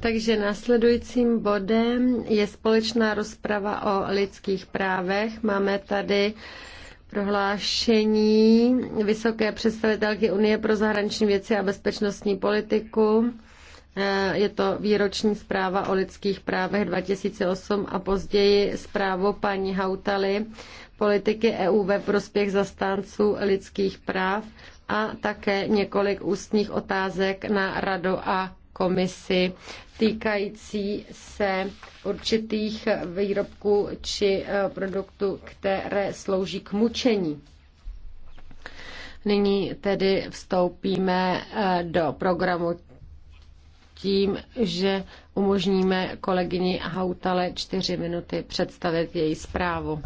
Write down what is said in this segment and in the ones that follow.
Takže následujícím bodem je společná rozprava o lidských právech. Máme tady prohlášení vysoké představitelky Unie pro zahraniční věci a bezpečnostní politiku. Eh, je to výroční zpráva o lidských právech 2008 a později zprávu paní Hautaly politiky EU ve prospěch zastánců lidských práv a také několik ústních otázek na radu a komisi týkající se určitých výrobků či eh, produktů, které slouží k mučení. Nyní tedy vstoupíme eh, do programu tím, že umožníme kolegyni Hautale čtyři minuty představit její zprávu.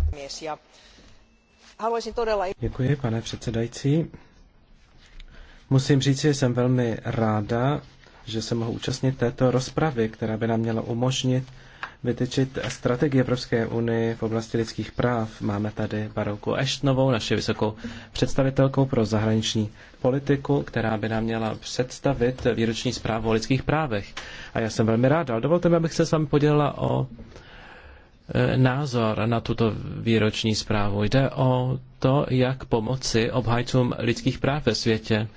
Děkuji, pane předsedající. Musím říct, že jsem velmi ráda, že se mohu účastnit této rozpravy, která by nám měla umožnit vytyčit strategii Evropské unie v oblasti lidských práv. Máme tady Baroku Eštnovou, naši vysokou představitelkou pro zahraniční politiku, která by nám měla představit výroční zprávu o lidských právech. A já jsem velmi rád, ale dovolte mi, abych se s vámi podělila o e, názor na tuto výroční zprávu. Jde o to, jak pomoci obhajcům lidských práv ve světě.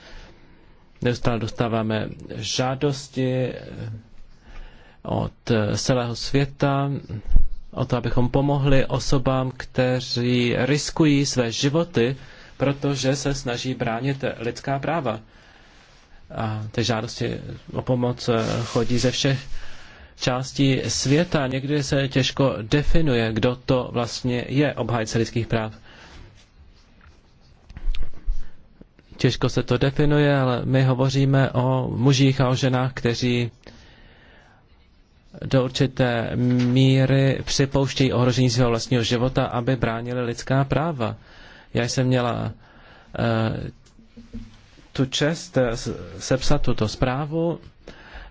Neustále dostáváme žádosti eh, od eh, celého světa o to, abychom pomohli osobám, kteří riskují své životy, protože se snaží bránit lidská práva. A ty žádosti o pomoc eh, chodí ze všech částí světa. Někdy se těžko definuje, kdo to vlastně je obhájce lidských práv. Těžko se to definuje, ale my hovoříme o mužích a o ženách, kteří do určité míry připouštějí ohrožení svého vlastního života, aby bránili lidská práva. Já jsem měla uh, tu čest eh, sepsat tuto zprávu,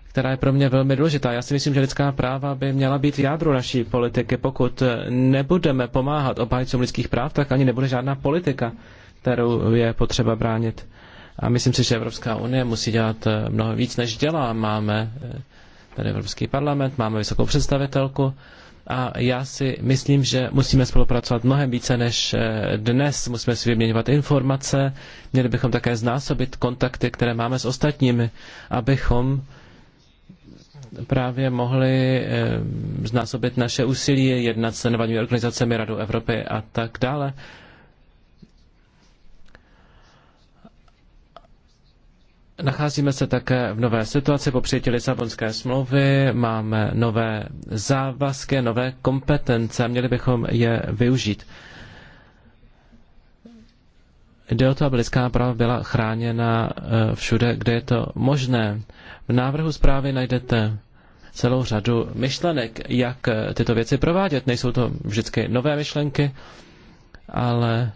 která je pro mě velmi důležitá. Já si myslím, že lidská práva by měla být jádru naší politiky. Pokud nebudeme pomáhat obhájcům lidských práv, tak ani nebude žádná politika. Uh, kterou je potřeba bránit. A myslím si, že Evropská unie musí dělat eh, mnoho víc, než dělá. Máme eh, tady Evropský parlament, máme vysokou představitelku a já si myslím, že musíme spolupracovat mnohem více než eh, dnes. Musíme si vyměňovat informace, měli bychom také znásobit kontakty, které máme s ostatními, abychom právě mohli znásobit naše úsilí, jednat se nevadními organizacemi Radu Evropy a tak dále. Nacházíme se také v nové situaci po přijetí Lisabonské smlouvy, máme nové závazky, nové kompetence, měli bychom je využít. Jde o to, aby lidská práva byla chráněna eh, všude, kde je to možné. V návrhu zprávy najdete celou řadu myšlenek, jak eh, tyto věci provádět. Nejsou to vždycky nové myšlenky, ale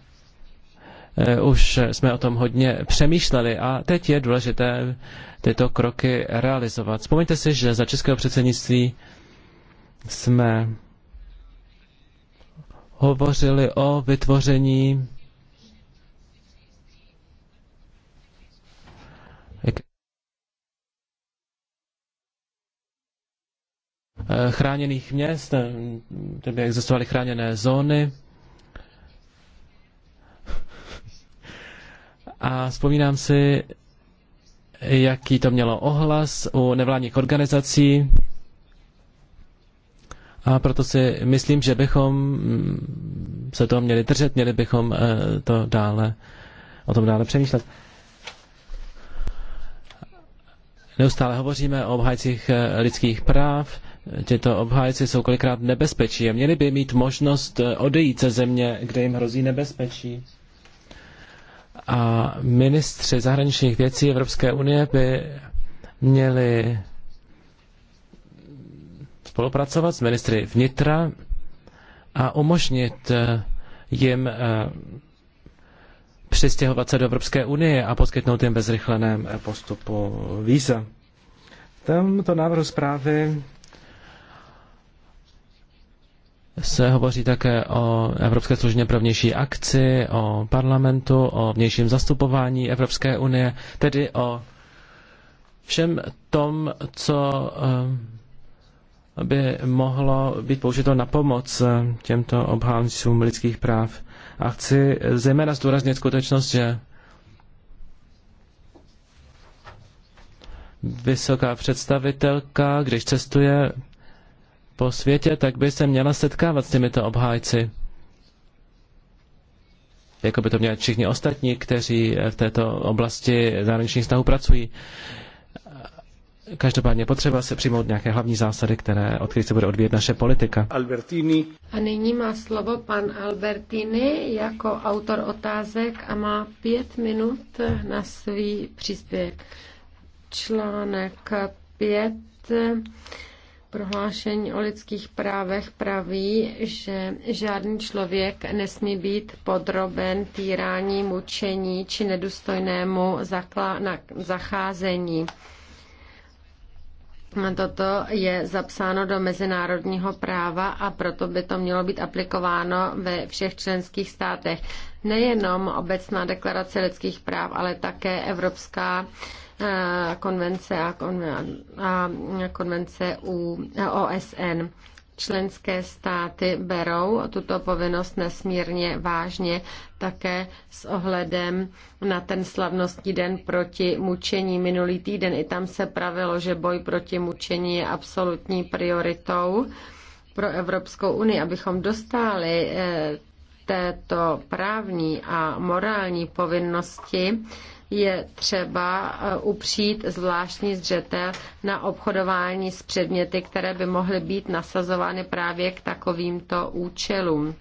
Eh, už jsme o tom hodně přemýšleli a teď je důležité tyto kroky realizovat. Vzpomeňte si, že za českého předsednictví jsme hovořili o vytvoření eh, chráněných měst, kde by existovaly chráněné zóny. A vzpomínám si, jaký to mělo ohlas u nevládních organizací. A proto si myslím, že bychom mm, se toho měli držet, měli bychom eh, to dále, o tom dále přemýšlet. Neustále hovoříme o obhájcích eh, lidských práv. Tyto obhájci jsou kolikrát nebezpečí a měli by mít možnost eh, odejít ze země, kde jim hrozí nebezpečí. A ministři zahraničních věcí Evropské unie by měli spolupracovat s ministry vnitra a umožnit eh, jim eh, přistěhovat se do Evropské unie a poskytnout jim bezrychleném eh, postupu víza. V tomto návrhu zprávy se hovoří také o Evropské služně pro vnější akci, o parlamentu, o vnějším zastupování Evropské unie, tedy o všem tom, co eh, by mohlo být použito na pomoc eh, těmto obhájcům lidských práv. A chci zejména zdůraznit skutečnost, že vysoká představitelka, když cestuje po světě, tak by se měla setkávat s těmito obhájci. Jako by to měli všichni ostatní, kteří v této oblasti zahraničních vztahů pracují. Každopádně potřeba se přijmout nějaké hlavní zásady, které, od kterých se bude odvíjet naše politika. Albertini. A nyní má slovo pan Albertini jako autor otázek a má pět minut na svý příspěvek. Článek pět Prohlášení o lidských právech praví, že žádný člověk nesmí být podroben týrání, mučení či nedůstojnému zacházení. Toto je zapsáno do mezinárodního práva a proto by to mělo být aplikováno ve všech členských státech. Nejenom obecná deklarace lidských práv, ale také Evropská konvence a, konvence u OSN. Členské státy berou tuto povinnost nesmírně vážně také s ohledem na ten slavnostní den proti mučení. Minulý týden i tam se pravilo, že boj proti mučení je absolutní prioritou pro Evropskou unii, abychom dostali eh, této právní a morální povinnosti je třeba eh, upřít zvláštní zřetel na obchodování s předměty, které by mohly být nasazovány právě k takovýmto účelům.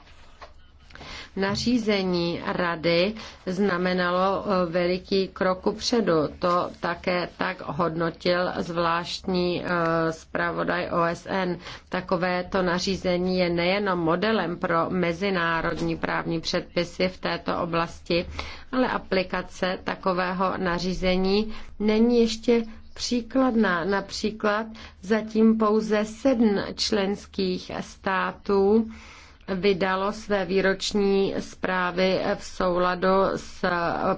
Nařízení rady znamenalo eh, veliký krok předu. To také tak hodnotil zvláštní eh, zpravodaj OSN. Takovéto nařízení je nejenom modelem pro mezinárodní právní předpisy v této oblasti, ale aplikace takového nařízení není ještě příkladná. Například zatím pouze sedm členských států vydalo své výroční zprávy v souladu s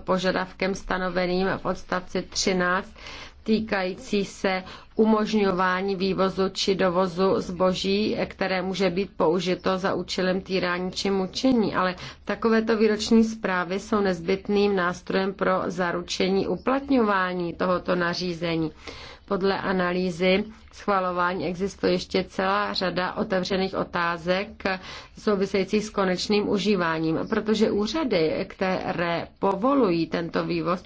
požadavkem stanoveným v odstavci 13 týkající se umožňování vývozu či dovozu zboží, které může být použito za účelem týrání či mučení. Ale takovéto výroční zprávy jsou nezbytným nástrojem pro zaručení uplatňování tohoto nařízení. Podle analýzy schvalování existuje ještě celá řada otevřených otázek souvisejících s konečným užíváním, protože úřady, které povolují tento vývoz,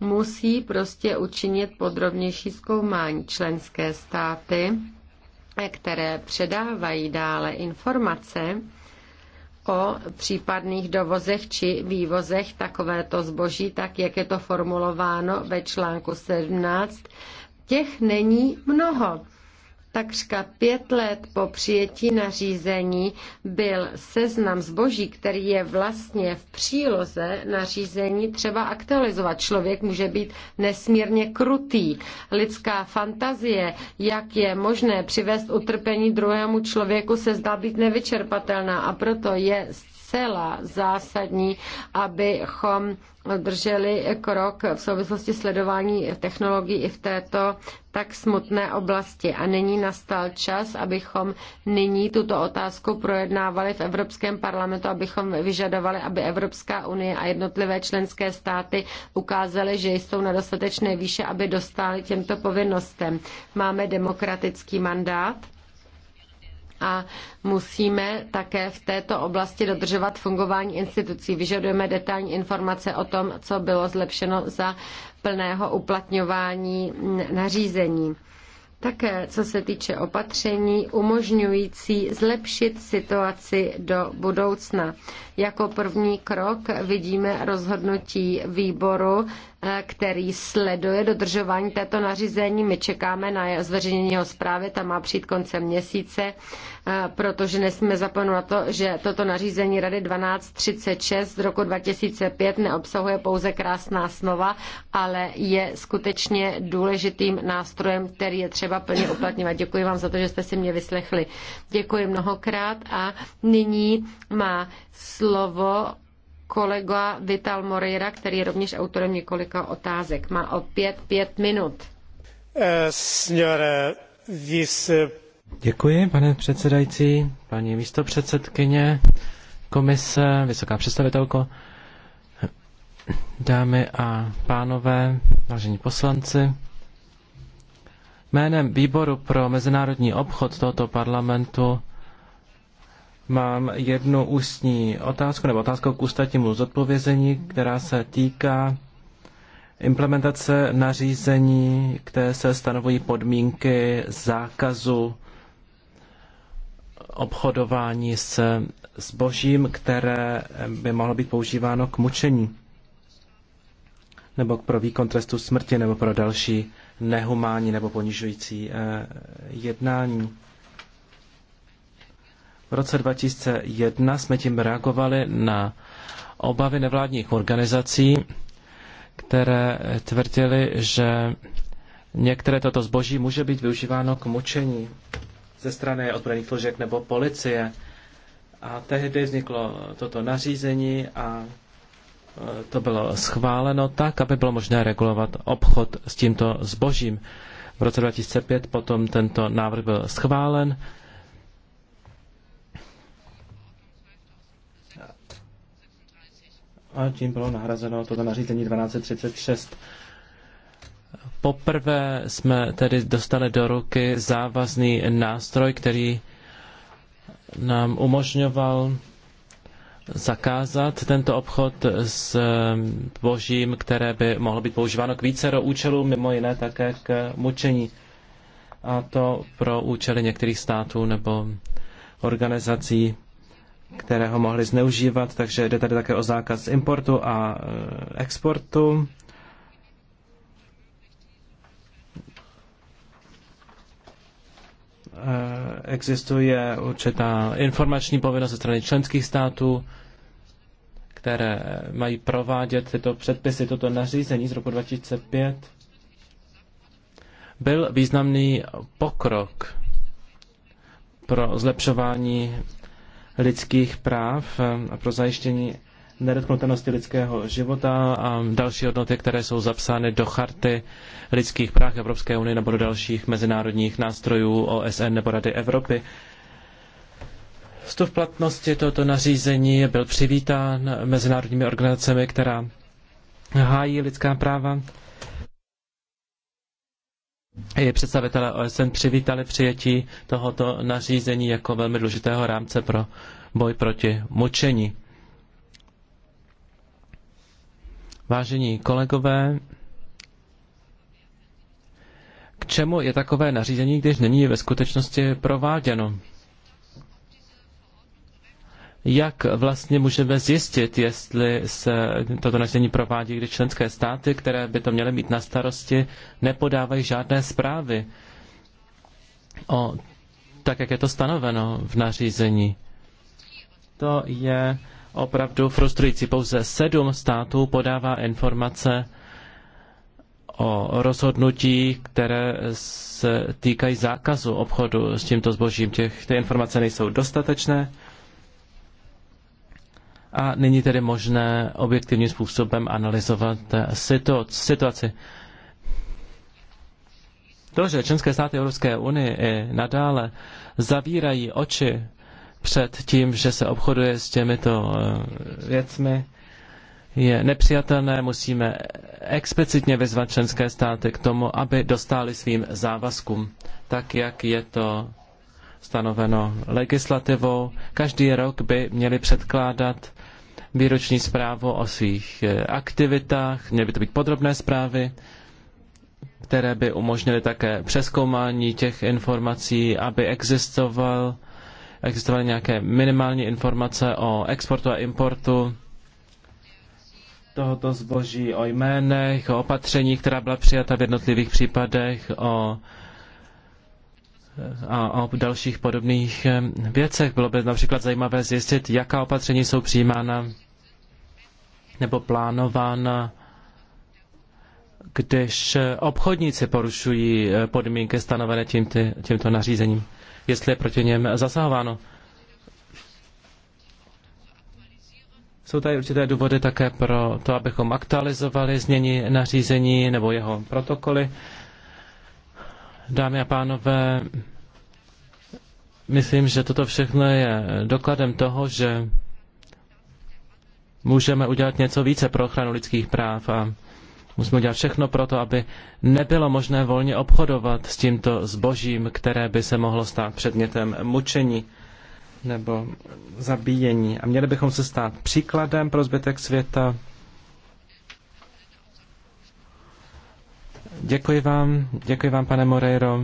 musí prostě učinit podrobnější zkoumání členské státy, které předávají dále informace o případných dovozech či vývozech takovéto zboží, tak jak je to formulováno ve článku 17 těch není mnoho. Takřka pět let po přijetí nařízení byl seznam zboží, který je vlastně v příloze nařízení třeba aktualizovat. Člověk může být nesmírně krutý. Lidská fantazie, jak je možné přivést utrpení druhému člověku, se zdá být nevyčerpatelná a proto je zcela zásadní, abychom drželi krok v souvislosti sledování technologií i v této tak smutné oblasti. A nyní nastal čas, abychom nyní tuto otázku projednávali v Evropském parlamentu, abychom vyžadovali, aby Evropská unie a jednotlivé členské státy ukázaly, že jsou na dostatečné výše, aby dostali těmto povinnostem. Máme demokratický mandát a musíme také v této oblasti dodržovat fungování institucí. Vyžadujeme detailní informace o tom, co bylo zlepšeno za plného uplatňování nařízení. Také co se týče opatření umožňující zlepšit situaci do budoucna. Jako první krok vidíme rozhodnutí výboru který sleduje dodržování této nařízení. My čekáme na zveřejnění jeho zprávy, ta má přijít koncem měsíce, eh, protože nesmíme zapomenout na to, že toto nařízení Rady 1236 z roku 2005 neobsahuje pouze krásná slova, ale je skutečně důležitým nástrojem, který je třeba plně uplatňovat. Děkuji vám za to, že jste si mě vyslechli. Děkuji mnohokrát a nyní má slovo kolega Vital Moreira, který je rovněž autorem několika otázek. Má opět pět minut. Eh, eh, Děkuji, pane předsedající, paní místopředsedkyně komise, vysoká představitelko, dámy a pánové, vážení poslanci. Jménem Výboru pro mezinárodní obchod tohoto parlamentu Mám jednu ústní otázku, nebo otázku k ústatnímu zodpovězení, která se týká implementace nařízení, které se stanovují podmínky zákazu obchodování s zbožím, které by mohlo být používáno k mučení nebo pro výkon trestu smrti nebo pro další nehumánní nebo ponižující eh, jednání. V roce 2001 jsme tím reagovali na obavy nevládních organizací, které tvrdili, že některé toto zboží může být využíváno k mučení ze strany odbraných složek nebo policie. A tehdy vzniklo toto nařízení a e, to bylo schváleno tak, aby bylo možné regulovat obchod s tímto zbožím. V roce 2005 potom tento návrh byl schválen a tím bylo nahrazeno toto nařízení 1236. Poprvé jsme tedy dostali do ruky závazný nástroj, který nám umožňoval zakázat tento obchod s eh, božím, které by mohlo být používáno k vícero účelům, mimo jiné také k mučení. A to pro účely některých států nebo organizací které ho mohly zneužívat, takže jde tady také o zákaz importu a e, exportu. E, existuje určitá informační povinnost ze strany členských států, které mají provádět tyto předpisy, toto nařízení z roku 2005. Byl významný pokrok pro zlepšování lidských práv ehm, a pro zajištění nedotknutelnosti lidského života a další hodnoty, které jsou zapsány do charty lidských práv Evropské unie nebo do dalších mezinárodních nástrojů OSN nebo Rady Evropy. Vstup platnosti tohoto nařízení byl přivítán mezinárodními organizacemi, která hájí lidská práva i představitelé OSN přivítali přijetí tohoto nařízení jako velmi důležitého rámce pro boj proti mučení. Vážení kolegové, k čemu je takové nařízení, když není ve skutečnosti prováděno? jak vlastně můžeme zjistit, jestli se toto nařízení provádí, když členské státy, které by to měly mít na starosti, nepodávají žádné zprávy o tak, jak je to stanoveno v nařízení. To je opravdu frustrující. Pouze sedm států podává informace o rozhodnutí, které se týkají zákazu obchodu s tímto zbožím. Těch, ty informace nejsou dostatečné a není tedy možné objektivním způsobem analyzovat eh, situaci. To, že členské státy Evropské unie i nadále zavírají oči před tím, že se obchoduje s těmito eh, věcmi, je nepřijatelné. Musíme explicitně vyzvat členské státy k tomu, aby dostály svým závazkům, tak jak je to stanoveno legislativou. Každý rok by měli předkládat výroční zprávu o svých eh, aktivitách, měly by to být podrobné zprávy, které by umožnily také přeskoumání těch informací, aby existoval, existovaly nějaké minimální informace o exportu a importu tohoto zboží, o jménech, o opatření, která byla přijata v jednotlivých případech, o a o dalších podobných eh, věcech. Bylo by například zajímavé zjistit, jaká opatření jsou přijímána nebo plánována, když eh, obchodníci porušují eh, podmínky stanovené tím ty, tímto nařízením, jestli je proti něm zasahováno. Jsou tady určité důvody také pro to, abychom aktualizovali změny nařízení nebo jeho protokoly. Dámy a pánové, myslím, že toto všechno je dokladem toho, že můžeme udělat něco více pro ochranu lidských práv a musíme udělat všechno pro to, aby nebylo možné volně obchodovat s tímto zbožím, které by se mohlo stát předmětem mučení nebo zabíjení. A měli bychom se stát příkladem pro zbytek světa. Děkuji vám, děkuji vám, pane Moreiro.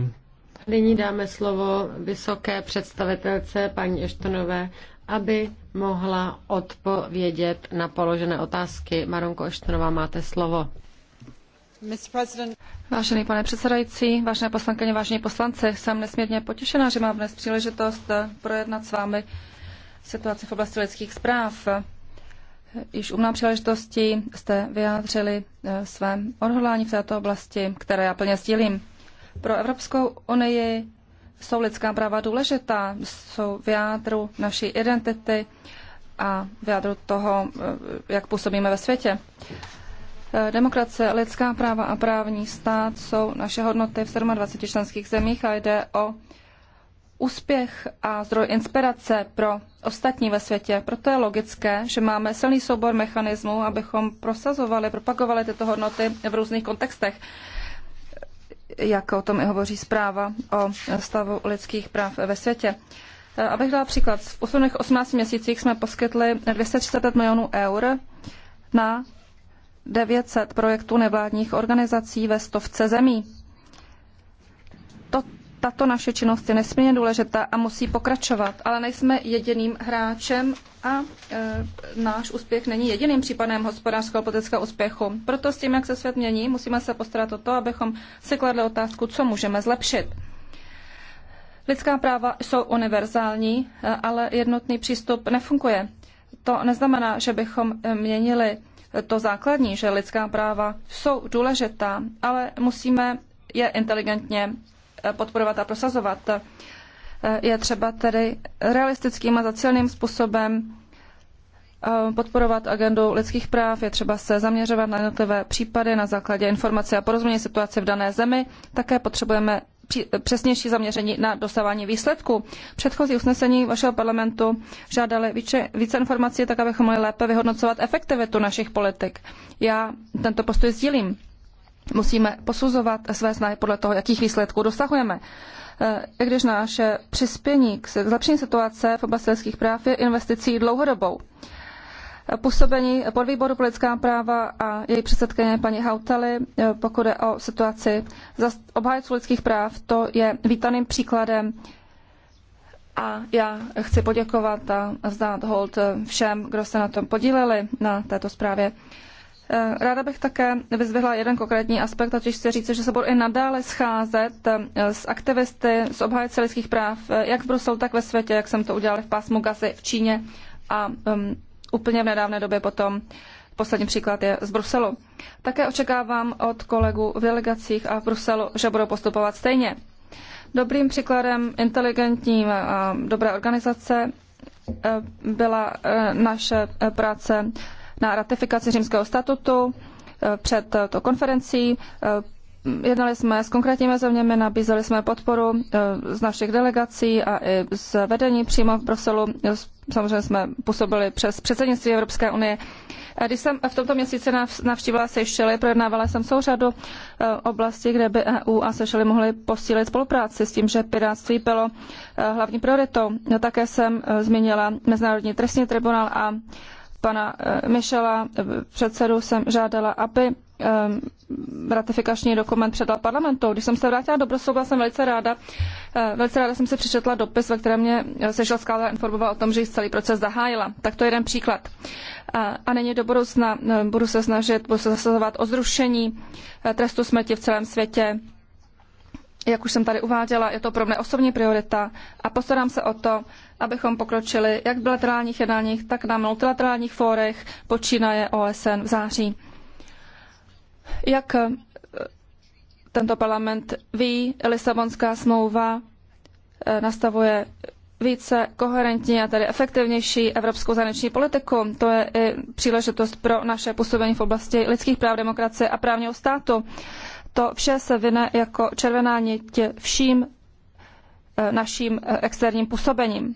Nyní dáme slovo vysoké představitelce paní Eštonové, aby mohla odpovědět na položené otázky. Maronko Eštonová, máte slovo. Vážený pane předsedající, vážené poslankyně, vážení poslanci, jsem nesmírně potěšená, že mám dnes příležitost eh, projednat s vámi situaci v oblasti lidských zpráv. Již u mnoha příležitostí jste vyjádřili eh, své odhodlání v této oblasti, které já plně sdílím. Pro Evropskou unii jsou lidská práva důležitá, jsou v jádru naší identity a v jádru toho, eh, jak působíme ve světě. Eh, demokracie, lidská práva a právní stát jsou naše hodnoty v 27 členských zemích a jde o úspěch a zdroj inspirace pro ostatní ve světě. Proto je logické, že máme silný soubor mechanismů, abychom prosazovali, propagovali tyto hodnoty v různých kontextech, jak o tom i hovoří zpráva o stavu lidských práv ve světě. Abych dala příklad, v posledních 18 měsících jsme poskytli 235 milionů eur na 900 projektů nevládních organizací ve stovce zemí. To, tato naše činnost je nesmírně důležitá a musí pokračovat, ale nejsme jediným hráčem a e, náš úspěch není jediným případem hospodářského politického úspěchu. Proto s tím, jak se svět mění, musíme se postarat o to, abychom si kladli otázku, co můžeme zlepšit. Lidská práva jsou univerzální, e, ale jednotný přístup nefunguje. To neznamená, že bychom e, měnili to základní, že lidská práva jsou důležitá, ale musíme je inteligentně Eh, podporovat a prosazovat. Eh, je třeba tedy realistickým a zacíleným způsobem eh, podporovat agendu lidských práv, je třeba se zaměřovat na jednotlivé případy na základě informace a porozumění situace v dané zemi. Také potřebujeme přesnější zaměření na dosávání výsledků. Předchozí usnesení vašeho parlamentu žádali více, více informací, tak abychom mohli lépe vyhodnocovat efektivitu našich politik. Já tento postoj sdílím musíme posuzovat své snahy podle toho, jakých výsledků dosahujeme. Eh, I když naše přispění k zlepšení situace v oblasti lidských práv je investicí dlouhodobou. Eh, působení podvýboru pro lidská práva a její předsedkyně paní Hautely, eh, pokud je o situaci obhájců lidských práv, to je vítaným příkladem a já chci poděkovat a vzdát hold všem, kdo se na tom podíleli na této zprávě. Eh, ráda bych také vyzvihla jeden konkrétní aspekt, totiž chci říct, že se budu i nadále scházet eh, s aktivisty, s obhájci lidských práv, eh, jak v Bruselu, tak ve světě, jak jsem to udělala v pásmu Gazy v Číně a um, úplně v nedávné době potom Poslední příklad je z Bruselu. Také očekávám od kolegů v delegacích a v Bruselu, že budou postupovat stejně. Dobrým příkladem inteligentním a dobré organizace byla naše práce na ratifikaci římského statutu eh, před eh, to konferencí. Eh, jednali jsme s konkrétními zeměmi, nabízeli jsme podporu z našich delegací a i z vedení přímo v Bruselu. Samozřejmě jsme působili přes předsednictví Evropské unie. Když jsem v tomto měsíci navštívila Seychely, projednávala jsem souřadu oblastí, kde by EU a Seychely mohly posílit spolupráci s tím, že piráctví bylo hlavní prioritou. Také jsem zmínila Mezinárodní trestní tribunál a pana eh, Michela, eh, předsedu, jsem žádala, aby eh, ratifikační dokument předal parlamentu. Když jsem se vrátila do Brusova, jsem velice ráda, velice ráda jsem si přečetla dopis, ve kterém mě Seychelská vláda informovala o tom, že jsi celý proces zahájila. Tak to je jeden příklad. A, a není do budoucna, budu se snažit, budu se zasazovat o zrušení trestu smrti v celém světě. Jak už jsem tady uváděla, je to pro mě osobní priorita a postarám se o to, abychom pokročili jak v bilaterálních jednáních, tak na multilaterálních fórech, počínaje OSN v září. Jak eh, tento parlament ví, Lisabonská smlouva eh, nastavuje více koherentní a tedy efektivnější evropskou zahraniční politiku. To je i příležitost pro naše působení v oblasti lidských práv, demokracie a právního státu. To vše se vyne jako červená nit vším eh, naším externím působením.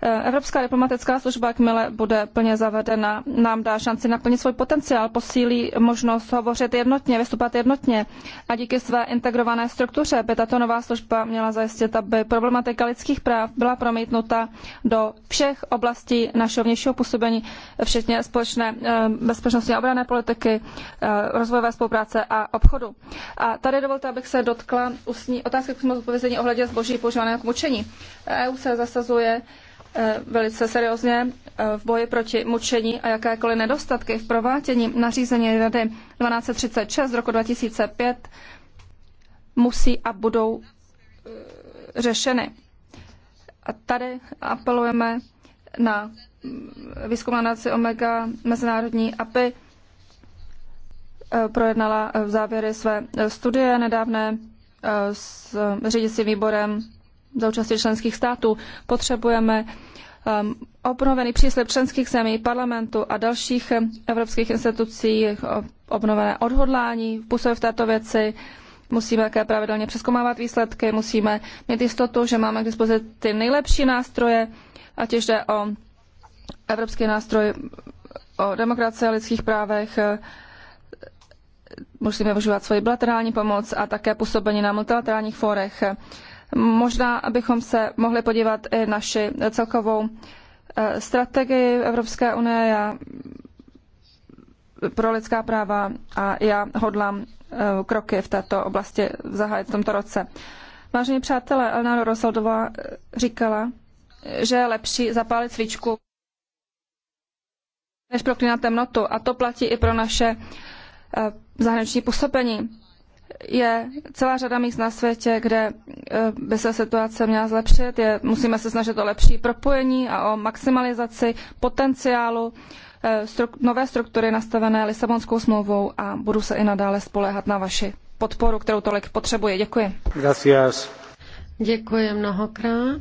Evropská diplomatická služba, jakmile bude plně zavedena, nám dá šanci naplnit svůj potenciál, posílí možnost hovořit jednotně, vystupovat jednotně a díky své integrované struktuře by tato nová služba měla zajistit, aby problematika lidských práv byla promítnuta do všech oblastí našeho vnějšího působení, včetně společné eh, bezpečnostní a obrané politiky, eh, rozvojové spolupráce a obchodu. A tady dovolte, abych se dotkla ústní otázky k odpovězení ohledně zboží používaného k mučení. EU e se zasazuje Eh, velice seriózně eh, v boji proti mučení a jakékoliv nedostatky v provádění nařízení Rady 1236 z roku 2005 musí a budou eh, řešeny. A tady apelujeme na mm, výzkumná naci Omega mezinárodní, API projednala v závěry své studie nedávné s řídicím výborem za účastí členských států. Potřebujeme Um, obnovený příslip členských zemí, parlamentu a dalších um, evropských institucí, obnovené odhodlání v působě v této věci. Musíme také pravidelně přeskomávat výsledky, musíme mít jistotu, že máme k dispozici ty nejlepší nástroje, ať už jde o evropský nástroj o demokracii a lidských právech, musíme využívat svoji bilaterální pomoc a také působení na multilaterálních fórech. Možná bychom se mohli podívat i naši celkovou eh, strategii Evropské unie. Já pro lidská práva a já hodlám eh, kroky v této oblasti zahájit v tomto roce. Vážení přátelé, Elena Rosaldová eh, říkala, že je lepší zapálit svíčku, než proklínat temnotu. A to platí i pro naše zahraniční působení je celá řada míst na světě, kde eh, by se situace měla zlepšit. Je, musíme se snažit o lepší propojení a o maximalizaci potenciálu eh, nové struktury nastavené Lisabonskou smlouvou a budu se i nadále spoléhat na vaši podporu, kterou tolik potřebuje. Děkuji. Gracias. Děkuji mnohokrát.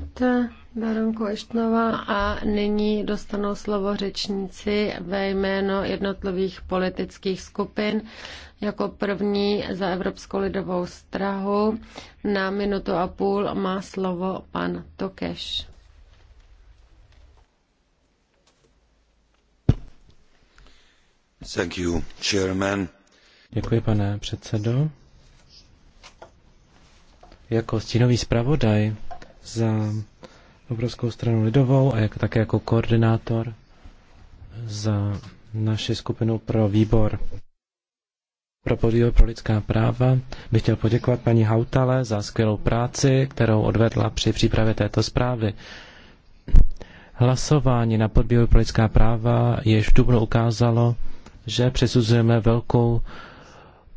Baronko Eštnova a nyní dostanou slovo řečníci ve jméno jednotlivých politických skupin. Jako první za Evropskou lidovou strahu na minutu a půl má slovo pan Tokeš. Thank you, chairman. Děkuji, pane předsedo. Jako stínový zpravodaj za Obrovskou stranu lidovou a jak, také jako koordinátor za naši skupinu pro výbor pro podíl pro lidská práva bych chtěl poděkovat paní Hautale za skvělou práci, kterou odvedla při přípravě této zprávy. Hlasování na podbíl pro lidská práva jež v Dubnu ukázalo, že přesuzujeme velkou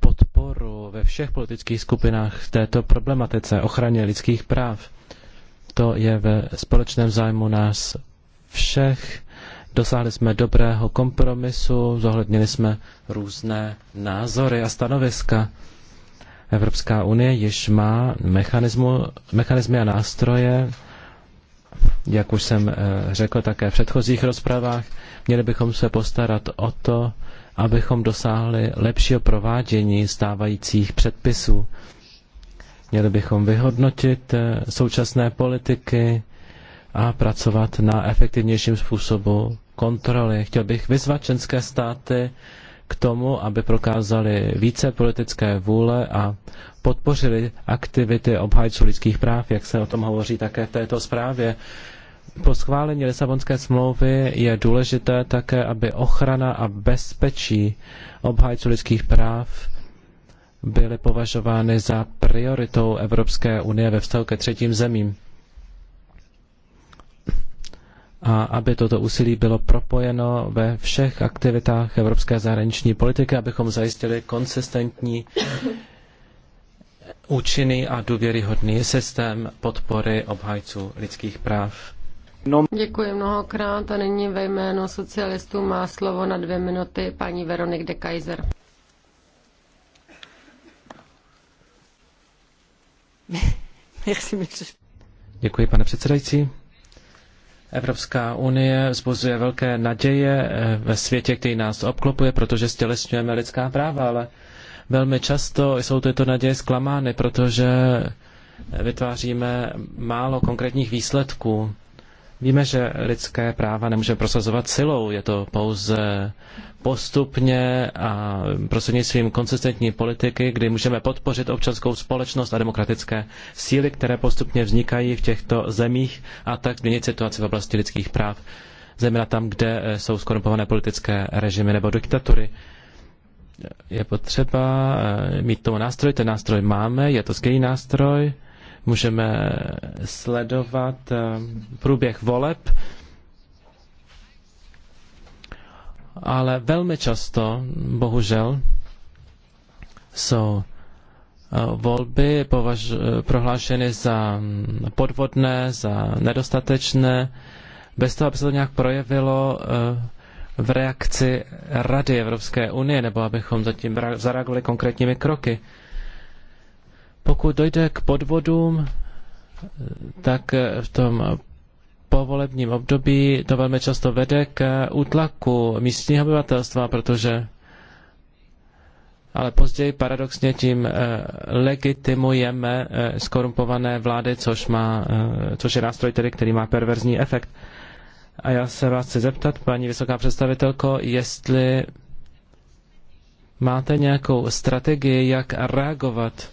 podporu ve všech politických skupinách této problematice ochraně lidských práv. To je ve společném zájmu nás všech. Dosáhli jsme dobrého kompromisu, zohlednili jsme různé názory a stanoviska. Evropská unie již má mechanismy a nástroje, jak už jsem eh, řekl také v předchozích rozpravách, měli bychom se postarat o to, abychom dosáhli lepšího provádění stávajících předpisů. Měli bychom vyhodnotit eh, současné politiky a pracovat na efektivnějším způsobu kontroly. Chtěl bych vyzvat členské státy k tomu, aby prokázali více politické vůle a podpořili aktivity obhajců lidských práv, jak se o tom hovoří také v této zprávě. Po schválení Lisabonské smlouvy je důležité také, aby ochrana a bezpečí obhajců lidských práv byly považovány za prioritou Evropské unie ve vztahu ke třetím zemím. A aby toto úsilí bylo propojeno ve všech aktivitách evropské zahraniční politiky, abychom zajistili konsistentní, účinný a důvěryhodný systém podpory obhajců lidských práv. No. Děkuji mnohokrát a nyní ve jménu socialistů má slovo na dvě minuty paní Veronik de Kaiser. Děkuji, pane předsedající. Evropská unie vzbuzuje velké naděje eh, ve světě, který nás obklopuje, protože stělesňujeme lidská práva, ale velmi často jsou tyto naděje zklamány, protože vytváříme málo konkrétních výsledků. Víme, že lidské práva nemůžeme prosazovat silou, je to pouze postupně a prostřednictvím konsistentní politiky, kdy můžeme podpořit občanskou společnost a demokratické síly, které postupně vznikají v těchto zemích a tak změnit situaci v oblasti lidských práv, zejména tam, kde eh, jsou skorumpované politické režimy nebo diktatury. Je potřeba eh, mít tomu nástroj, ten nástroj máme, je to skvělý nástroj, můžeme sledovat eh, průběh voleb, ale velmi často, bohužel, jsou eh, volby považ, prohlášeny za mm, podvodné, za nedostatečné, bez toho, aby se to nějak projevilo eh, v reakci Rady Evropské unie, nebo abychom zatím zareagovali konkrétními kroky. Pokud dojde k podvodům, tak v tom povolebním období to velmi často vede k útlaku místního obyvatelstva, protože ale později paradoxně tím eh, legitimujeme eh, skorumpované vlády, což, má, eh, což je nástroj tedy, který má perverzní efekt. A já se vás chci zeptat, paní vysoká představitelko, jestli máte nějakou strategii, jak reagovat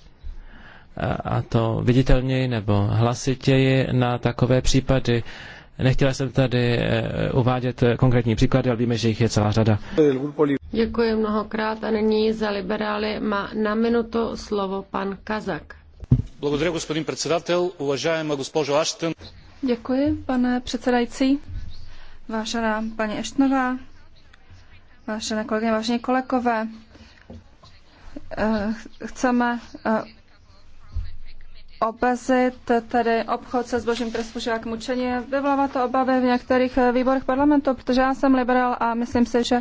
a to viditelněji nebo hlasitěji na takové případy. Nechtěla jsem tady eh, uvádět konkrétní příklady, ale víme, že jich je celá řada. Děkuji mnohokrát a nyní za liberály má na minutu slovo pan Kazak. Děkuji, pane předsedající. Vážená paní Eštnová, vážené kolegyně, vážení kolegové, eh, chceme eh, obezit, tedy obchod se zbožím, které spožívá k mučení. Vyvolává to obavy v některých eh, výborech parlamentu, protože já jsem liberál a myslím si, že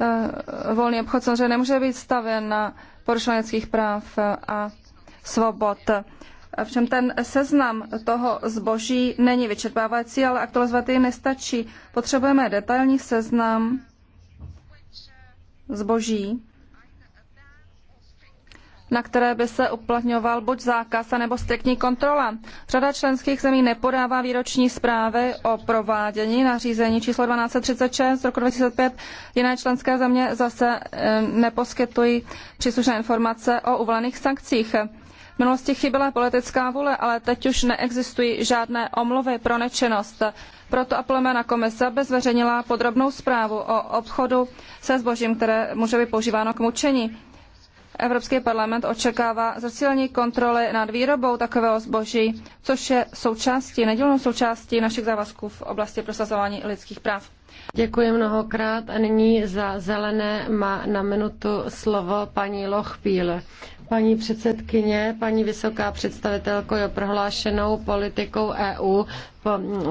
eh, volný obchod samozřejmě nemůže být stavěn na porušování lidských práv eh, a svobod. V čem ten seznam toho zboží není vyčerpávající, ale aktualizovat jej nestačí. Potřebujeme detailní seznam zboží, na které by se uplatňoval buď zákaz, nebo striktní kontrola. Řada členských zemí nepodává výroční zprávy o provádění nařízení číslo 1236 z roku 2005. Jiné členské země zase eh, neposkytují příslušné informace o uvolených sankcích. V minulosti chyběla politická vůle, ale teď už neexistují žádné omluvy pro nečinnost. Proto apelujeme na komise, aby zveřejnila podrobnou zprávu o obchodu se zbožím, které může být používáno k mučení. Evropský parlament očekává zesílení kontroly nad výrobou takového zboží, což je součástí, nedělnou součástí našich závazků v oblasti prosazování lidských práv. Děkuji mnohokrát a nyní za zelené má na minutu slovo paní Lochpíl. Paní předsedkyně, paní vysoká představitelko, je prohlášenou politikou EU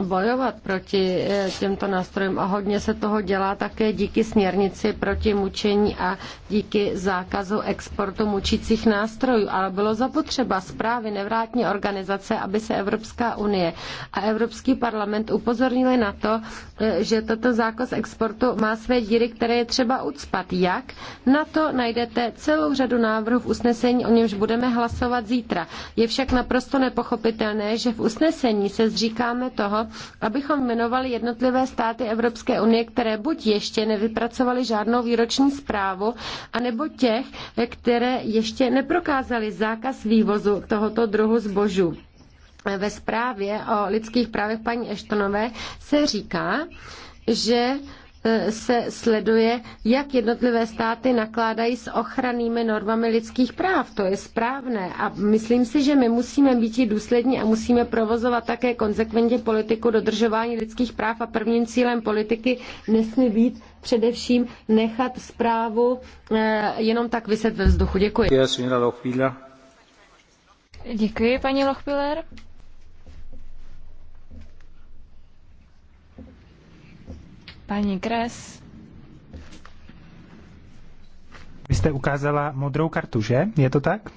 bojovat proti e, těmto nástrojům a hodně se toho dělá také díky směrnici proti mučení a díky zákazu exportu mučících nástrojů. Ale bylo zapotřeba zprávy nevrátní organizace, aby se Evropská unie a Evropský parlament upozornili na to, e, že toto zákaz exportu má své díry, které je třeba ucpat. Jak? Na to najdete celou řadu návrhů v usnesení usnesení, o němž budeme hlasovat zítra. Je však naprosto nepochopitelné, že v usnesení se zříkáme toho, abychom jmenovali jednotlivé státy Evropské unie, které buď ještě nevypracovaly žádnou výroční zprávu, anebo těch, které ještě neprokázaly zákaz vývozu tohoto druhu zbožů. Ve zprávě o lidských právech paní Eštonové se říká, že Eh, se sleduje, jak jednotlivé státy nakládají s ochrannými normami lidských práv. To je správné a myslím si, že my musíme být i důslední a musíme provozovat také konsekventně politiku dodržování lidských práv a prvním cílem politiky nesmí být především nechat zprávu eh, jenom tak vyset ve vzduchu. Děkuji. Děkuji, paní Lochpiller. Paní Kres. Vy jste ukázala modrou kartu, že? Je to tak?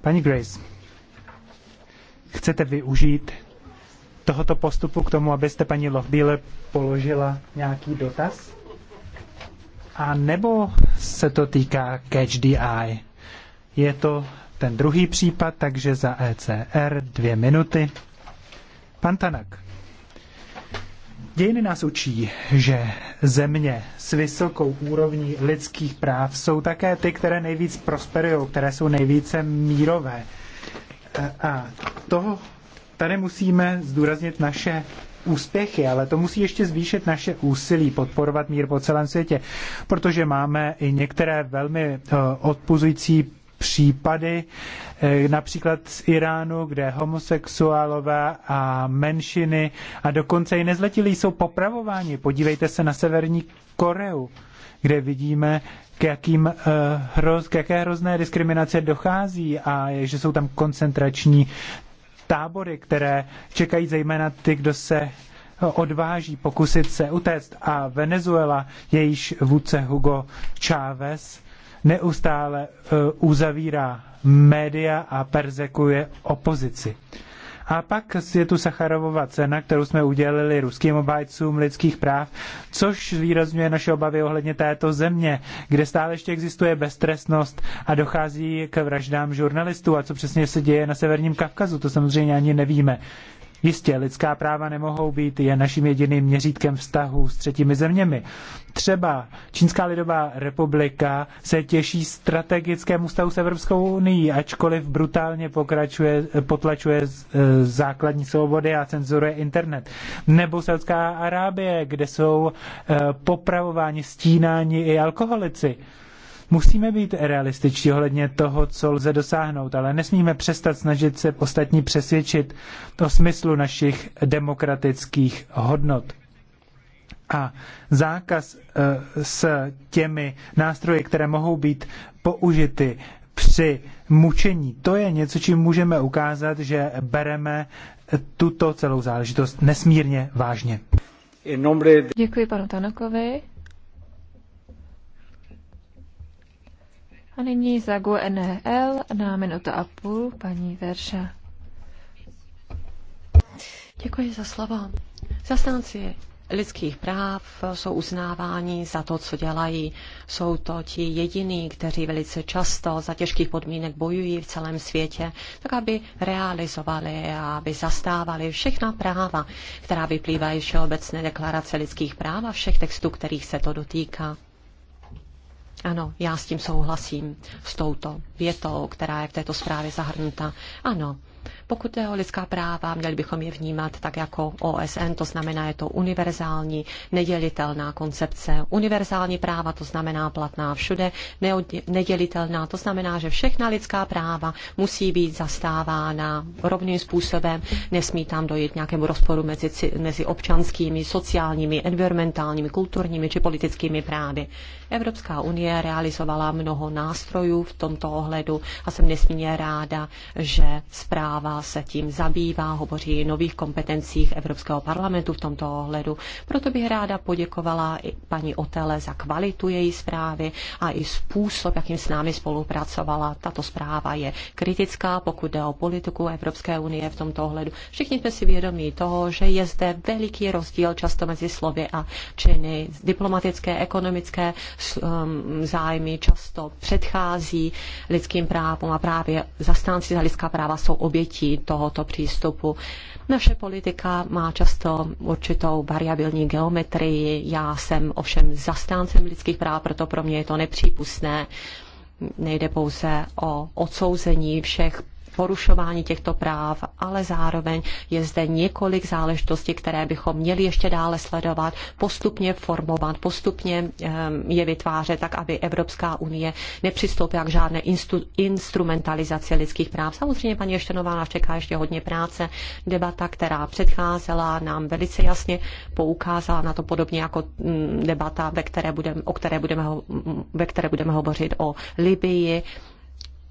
Paní Grace, chcete využít tohoto postupu k tomu, abyste paní Lochbíle položila nějaký dotaz? A nebo se to týká Catch the Eye? Je to ten druhý případ, takže za ECR dvě minuty. Pan Tanak. Dějiny nás učí, že země s vysokou úrovní lidských práv jsou také ty, které nejvíc prosperují, které jsou nejvíce mírové. E, a to tady musíme zdůraznit naše úspěchy, ale to musí ještě zvýšit naše úsilí podporovat mír po celém světě, protože máme i některé velmi e, odpuzující případy, eh, například z Iránu, kde homosexuálové a menšiny a dokonce i nezletilí jsou popravováni. Podívejte se na Severní Koreu, kde vidíme, k, jakým, eh, hroz, k jaké hrozné diskriminace dochází a že jsou tam koncentrační tábory, které čekají zejména ty, kdo se eh, odváží pokusit se utéct. A Venezuela, jejíž vůdce Hugo Chávez neustále eh, uzavírá média a perzekuje opozici. A pak je tu Sacharovova cena, kterou jsme udělili ruským obhájcům lidských práv, což zvýrazňuje naše obavy ohledně této země, kde stále ještě existuje beztrestnost a dochází k vraždám žurnalistů. A co přesně se děje na Severním Kavkazu, to samozřejmě ani nevíme. Jistě, lidská práva nemohou být je naším jediným měřítkem vztahu s třetími zeměmi. Třeba Čínská lidová republika se těší strategickému vztahu s Evropskou unii, ačkoliv brutálně pokračuje, potlačuje eh, základní svobody a cenzuruje internet. Nebo Saudská Arábie, kde jsou eh, popravováni, stínáni i alkoholici. Musíme být realističtí ohledně toho, co lze dosáhnout, ale nesmíme přestat snažit se ostatní přesvědčit o smyslu našich demokratických hodnot. A zákaz eh, s těmi nástroji, které mohou být použity při mučení, to je něco, čím můžeme ukázat, že bereme tuto celou záležitost nesmírně vážně. Děkuji panu Tanakovi. A nyní za GNL e na minutu a půl paní Verša. Děkuji za slovo. Zastánci lidských práv jsou uznáváni za to, co dělají. Jsou to ti jediní, kteří velice často za těžkých podmínek bojují v celém světě, tak aby realizovali a aby zastávali všechna práva, která vyplývají všeobecné deklarace lidských práv a všech textů, kterých se to dotýká. Ano, já s tím souhlasím, s touto větou, která je v této zprávě zahrnuta. Ano, pokud je o lidská práva, měli bychom je vnímat tak jako OSN, to znamená, je to univerzální, nedělitelná koncepce. Univerzální práva, to znamená platná všude, nedělitelná, to znamená, že všechna lidská práva musí být zastávána rovným způsobem, nesmí tam dojít nějakému rozporu mezi, mezi občanskými, sociálními, environmentálními, kulturními či politickými právy. Evropská unie realizovala mnoho nástrojů v tomto ohledu a jsem nesmírně ráda, že zpráva zpráva se tím zabývá, hovoří o nových kompetencích Evropského parlamentu v tomto ohledu. Proto bych ráda poděkovala i paní Otele za kvalitu její zprávy a i způsob, jakým s námi spolupracovala. Tato zpráva je kritická, pokud jde o politiku Evropské unie v tomto ohledu. Všichni jsme si vědomí toho, že je zde veliký rozdíl často mezi slovy a činy. Diplomatické, ekonomické um, zájmy často předchází lidským právům a právě zastánci za lidská práva jsou obě obětí tohoto přístupu. Naše politika má často určitou variabilní geometrii. Já jsem ovšem zastáncem lidských práv, proto pro mě je to nepřípustné. Nejde pouze o odsouzení všech porušování těchto práv, ale zároveň je zde několik záležitostí, které bychom měli ještě dále sledovat, postupně formovat, postupně ehm, je vytvářet tak, aby Evropská unie nepřistoupila k žádné instru, instrumentalizaci lidských práv. Samozřejmě, paní Ještěnová nás čeká ještě hodně práce. Debata, která předcházela, nám velice jasně poukázala na to podobně jako mm, debata, ve které budeme, o které budeme, mm, ve které budeme hovořit o Libii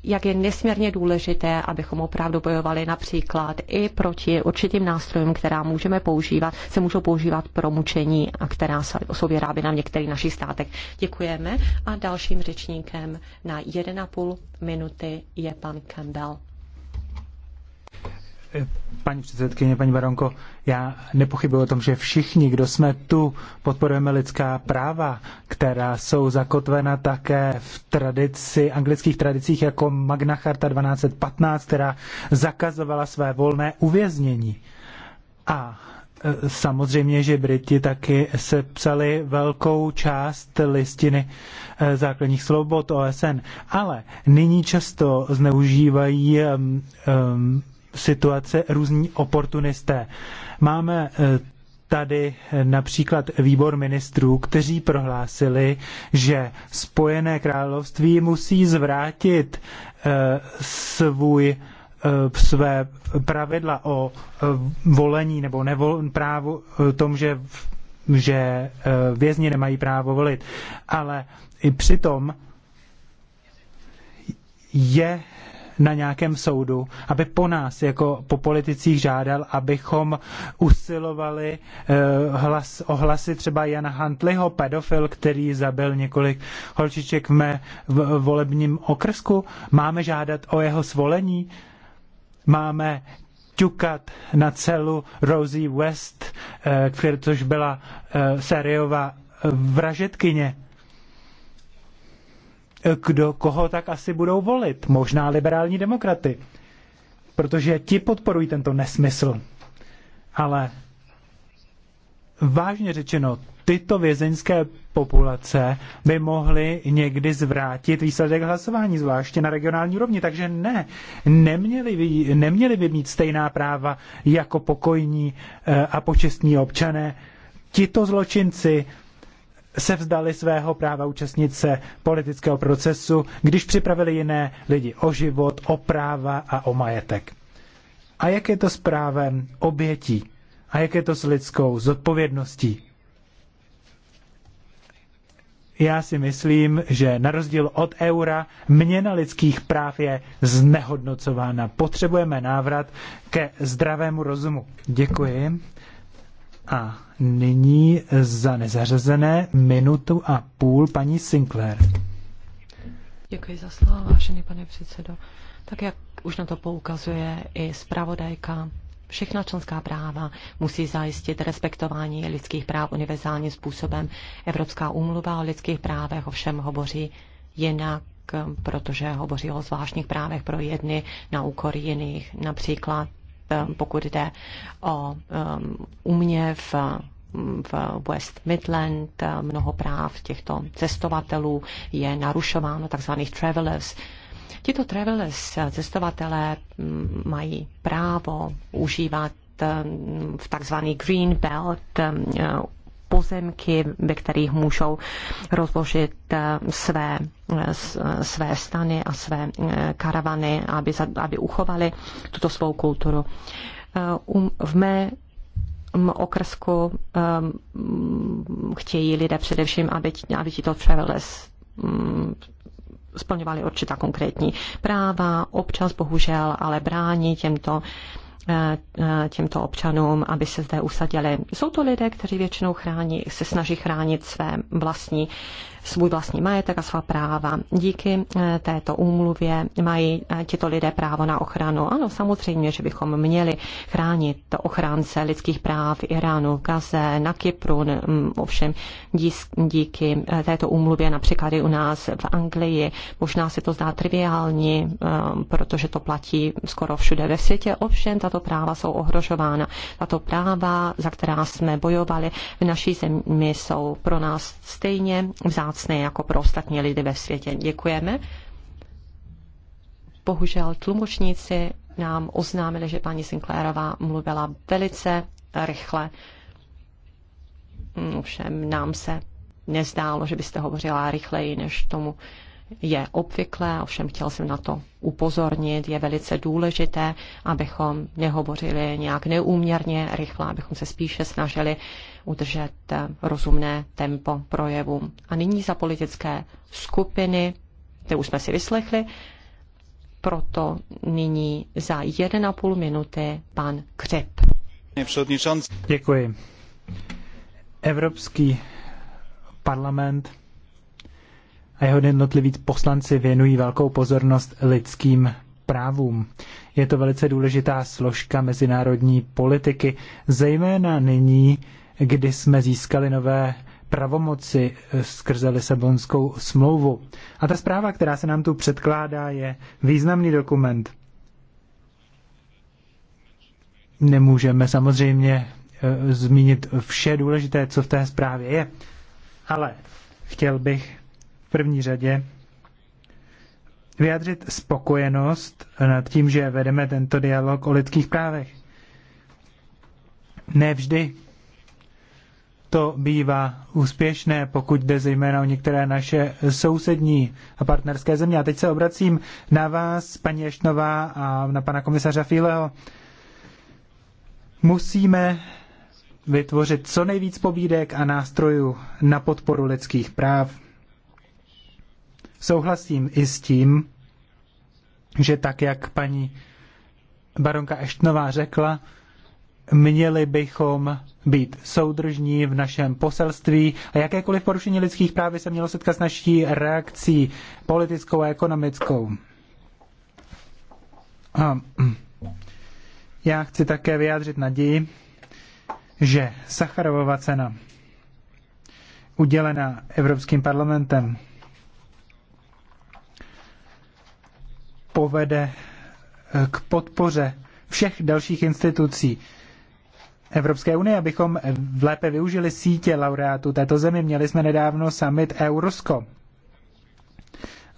jak je nesmírně důležité, abychom opravdu bojovali například i proti určitým nástrojům, která můžeme používat, se můžou používat pro mučení a která jsou vyráběna v některých našich státech. Děkujeme a dalším řečníkem na 1,5 minuty je pan Campbell paní předsedkyně, paní Baronko, já nepochybuji o tom, že všichni, kdo jsme tu, podporujeme lidská práva, která jsou zakotvena také v tradici, anglických tradicích jako Magna Charta 1215, která zakazovala své volné uvěznění. A e, Samozřejmě, že Briti taky sepsali velkou část listiny e, základních svobod OSN, ale nyní často zneužívají um, um, situace různí oportunisté. Máme e, tady například výbor ministrů, kteří prohlásili, že Spojené království musí zvrátit e, svůj e, své pravidla o volení nebo nevol, právu tom, že, že vězni nemají právo volit. Ale i přitom je na nějakém soudu, aby po nás, jako po politicích, žádal, abychom usilovali eh, hlas, ohlasy třeba Jana Huntleyho, pedofil, který zabil několik holčiček v mé volebním okrsku. Máme žádat o jeho svolení? Máme ťukat na celu Rosie West, eh, což byla eh, sériová vražetkyně kdo, koho tak asi budou volit. Možná liberální demokraty. Protože ti podporují tento nesmysl. Ale vážně řečeno, tyto vězeňské populace by mohly někdy zvrátit výsledek hlasování, zvláště na regionální úrovni. Takže ne, neměli by, neměli by mít stejná práva jako pokojní eh, a počestní občané. Tito zločinci se vzdali svého práva účastnit se politického procesu, když připravili jiné lidi o život, o práva a o majetek. A jak je to s právem obětí? A jak je to s lidskou zodpovědností? Já si myslím, že na rozdíl od eura měna lidských práv je znehodnocována. Potřebujeme návrat ke zdravému rozumu. Děkuji. A nyní za nezařazené minutu a půl paní Sinclair. Děkuji za slovo, vážený pane předsedo. Tak jak už na to poukazuje i zpravodajka, všechna členská práva musí zajistit respektování lidských práv univerzálním způsobem. Evropská úmluva o lidských právech ovšem hovoří jinak protože hovoří o zvláštních právech pro jedny na úkor jiných. Například Um, pokud jde o umě um, v v West Midland uh, mnoho práv těchto cestovatelů je narušováno, takzvaných travelers. Tito travelers, uh, cestovatelé, mm, mají právo užívat um, v takzvaný Green Belt pozemky, ve kterých můžou rozložit eh, své, eh, své stany a své eh, karavany, aby, aby uchovali tuto svou kulturu. Um, v mé okrsku chtějí lidé především, aby, aby to travelers mm, splňovali určitá konkrétní práva, občas bohužel ale brání těmto Eh, eh, těmto občanům, aby se zde usadili. Jsou to lidé, kteří většinou chrání, se snaží chránit své vlastní svůj vlastní majetek a svá práva. Díky eh, této úmluvě mají eh, tito lidé právo na ochranu. Ano, samozřejmě, že bychom měli chránit ochránce lidských práv v Iránu, v Gaze, na Kypru, ovšem díky eh, této úmluvě například i u nás v Anglii. Možná se to zdá triviální, protože to platí skoro všude ve světě, ovšem tato práva jsou ohrožována. Tato práva, za která jsme bojovali v naší zemi, jsou pro nás stejně vzácná vzácné jako pro ostatní lidi ve světě. Děkujeme. Bohužel tlumočníci nám oznámili, že paní Sinclairová mluvila velice rychle. Mm, ovšem nám se nezdálo, že byste hovořila rychleji, než tomu je obvyklé, ovšem chtěl jsem na to upozornit, je velice důležité, abychom nehovořili nějak neúměrně rychle, abychom se spíše snažili udržet rozumné tempo projevu. A nyní za politické skupiny, ty už jsme si vyslechli, proto nyní za 1,5 minuty pan Křep. Děkuji. Evropský parlament a jeho jednotliví poslanci věnují velkou pozornost lidským právům. Je to velice důležitá složka mezinárodní politiky, zejména nyní, kdy jsme získali nové pravomoci skrze Lisabonskou smlouvu. A ta zpráva, která se nám tu předkládá, je významný dokument. Nemůžeme samozřejmě e, zmínit vše důležité, co v té zprávě je, ale chtěl bych v první řadě vyjádřit spokojenost nad tím, že vedeme tento dialog o lidských právech. Nevždy to bývá úspěšné, pokud jde zejména o některé naše sousední a partnerské země. A teď se obracím na vás, paní Ešnová a na pana komisaře Fileho. Musíme vytvořit co nejvíc pobídek a nástrojů na podporu lidských práv. Souhlasím i s tím, že tak, jak paní baronka Eštnová řekla, měli bychom být soudržní v našem poselství a jakékoliv porušení lidských práv by se mělo setkat s naší reakcí politickou a ekonomickou. A mm, já chci také vyjádřit naději, že Sacharovova cena udělená Evropským parlamentem povede k podpoře všech dalších institucí, Evropské unie, abychom lépe využili sítě laureátů této země. Měli jsme nedávno summit Eurosko,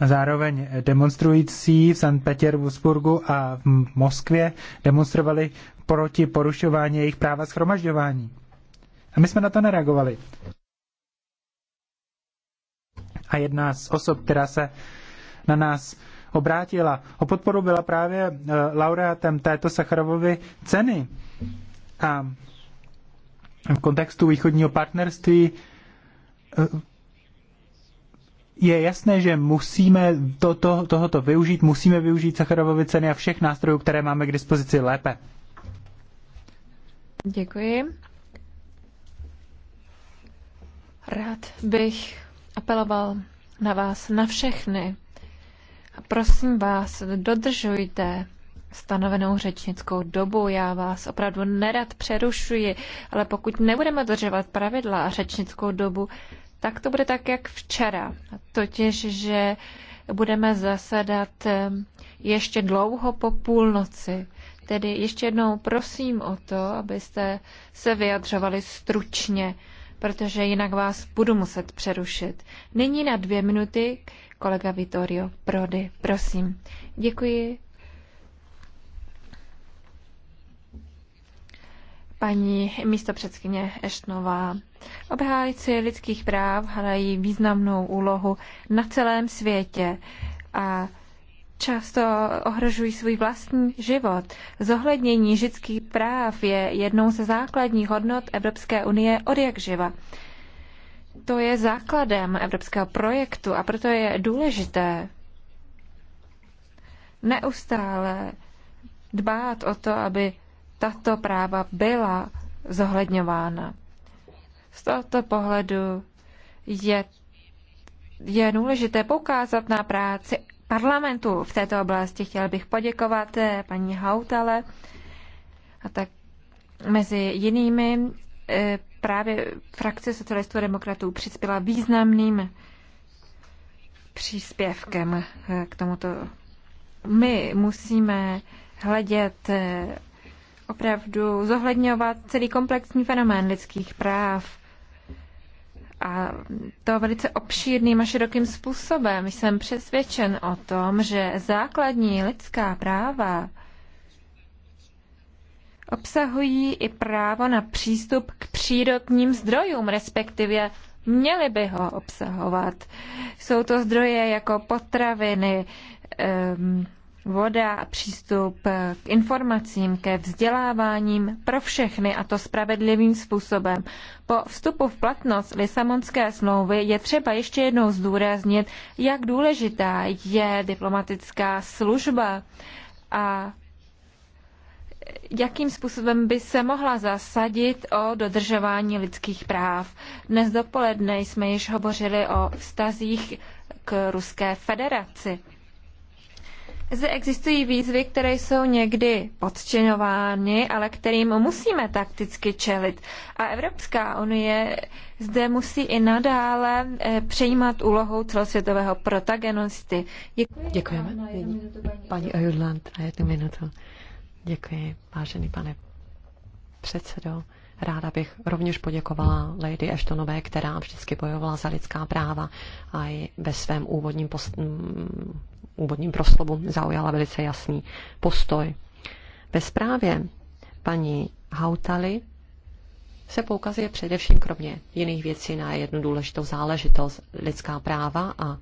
Zároveň demonstrující v Sankt Petersburgu a v Moskvě demonstrovali proti porušování jejich práva schromažďování. A my jsme na to nereagovali. A jedna z osob, která se na nás obrátila o podporu, byla právě eh, laureátem této Sacharovovy ceny. A v kontextu východního partnerství eh, je jasné, že musíme to, to, tohoto využít, musíme využít Sacharovovy ceny a všech nástrojů, které máme k dispozici lépe. Děkuji. Rád bych apeloval na vás, na všechny. A prosím vás, dodržujte stanovenou řečnickou dobu. Já vás opravdu nerad přerušuji, ale pokud nebudeme dodržovat pravidla a řečnickou dobu, tak to bude tak, jak včera. Totiž, že budeme zasedat ještě dlouho po půlnoci. Tedy ještě jednou prosím o to, abyste se vyjadřovali stručně, protože jinak vás budu muset přerušit. Nyní na dvě minuty kolega Vittorio Prody. Prosím. Děkuji, paní místopředsedkyně Eštnová. Obhájci lidských práv hrají významnou úlohu na celém světě a často ohrožují svůj vlastní život. Zohlednění lidských práv je jednou ze základních hodnot Evropské unie od jak živa. To je základem evropského projektu a proto je důležité neustále dbát o to, aby tato práva byla zohledňována. Z tohoto pohledu je, je důležité poukázat na práci parlamentu v této oblasti. Chtěl bych poděkovat eh, paní Hautale a tak mezi jinými eh, právě frakce socialistů a demokratů přispěla významným příspěvkem eh, k tomuto. My musíme hledět opravdu zohledňovat celý komplexní fenomén lidských práv. A to velice obšírným a širokým způsobem. Jsem přesvědčen o tom, že základní lidská práva obsahují i právo na přístup k přírodním zdrojům, respektive měly by ho obsahovat. Jsou to zdroje jako potraviny, voda a přístup k informacím, ke vzděláváním pro všechny a to spravedlivým způsobem. Po vstupu v platnost Lisamonské smlouvy je třeba ještě jednou zdůraznit, jak důležitá je diplomatická služba a jakým způsobem by se mohla zasadit o dodržování lidských práv. Dnes dopoledne jsme již hovořili o vztazích k Ruské federaci. Zde existují výzvy, které jsou někdy podčinovány, ale kterým musíme takticky čelit. A Evropská unie zde musí i nadále eh, přejímat úlohu celosvětového protagonisty. Děkuji. Děkujeme. Paní Ojudland na jednu minutu. Děkuji, vážený pane předsedo. Ráda bych rovněž poděkovala Lady Ashtonové, která vždycky bojovala za lidská práva a i ve svém úvodním post- úvodním proslovu zaujala velice jasný postoj. Ve zprávě paní Hautali se poukazuje především kromě jiných věcí na jednu důležitou záležitost lidská práva a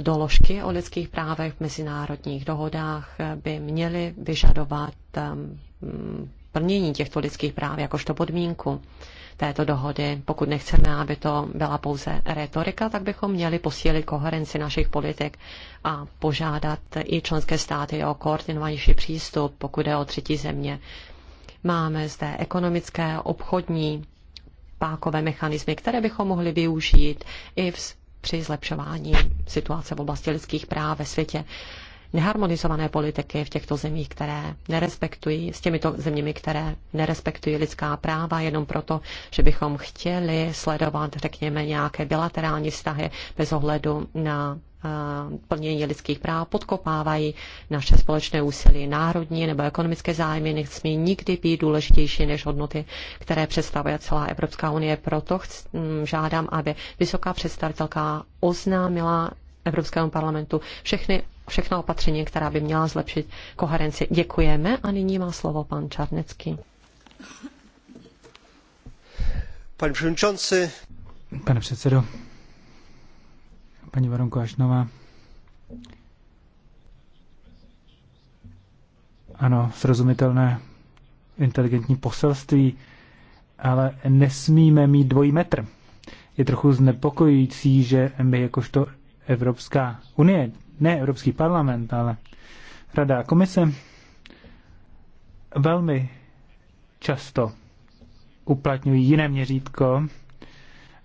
doložky o lidských právech v mezinárodních dohodách by měly vyžadovat um, plnění těchto lidských práv jakožto podmínku této dohody. Pokud nechceme, aby to byla pouze retorika, tak bychom měli posílit koherenci našich politik a požádat i členské státy o koordinovanější přístup, pokud je o třetí země. Máme zde ekonomické, obchodní, pákové mechanismy, které bychom mohli využít i v při zlepšování situace v oblasti lidských práv ve světě neharmonizované politiky v těchto zemích, které nerespektují, s těmito zeměmi, které nerespektují lidská práva jenom proto, že bychom chtěli sledovat, řekněme, nějaké bilaterální vztahy bez ohledu na eh, plnění lidských práv podkopávají naše společné úsilí národní nebo ekonomické zájmy, nesmí nikdy být důležitější než hodnoty, které představuje celá Evropská unie. Proto chc, mm, žádám, aby vysoká představitelka oznámila Evropskému parlamentu všechny, všechna opatření, která by měla zlepšit koherenci. Děkujeme a nyní má slovo pan Čarnecký. Pane předsedo, Pane předsedo, paní Varonko Ašnová. Ano, srozumitelné inteligentní poselství, ale nesmíme mít dvojí metr. Je trochu znepokojující, že my jakožto Evropská unie, ne Evropský parlament, ale Rada a komise velmi často uplatňují jiné měřítko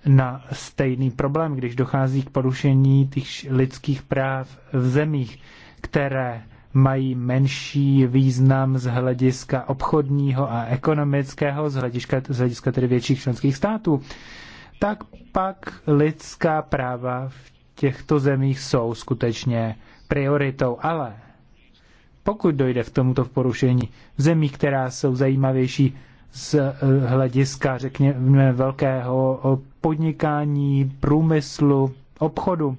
na stejný problém, když dochází k porušení těch lidských práv v zemích, které mají menší význam z hlediska obchodního a ekonomického, z hlediska, z hlediska tedy větších členských států, tak pak lidská práva v těchto zemích jsou skutečně prioritou. Ale pokud dojde v tomuto v porušení v zemí, která jsou zajímavější z eh, hlediska, řekněme, velkého eh, podnikání, průmyslu, obchodu,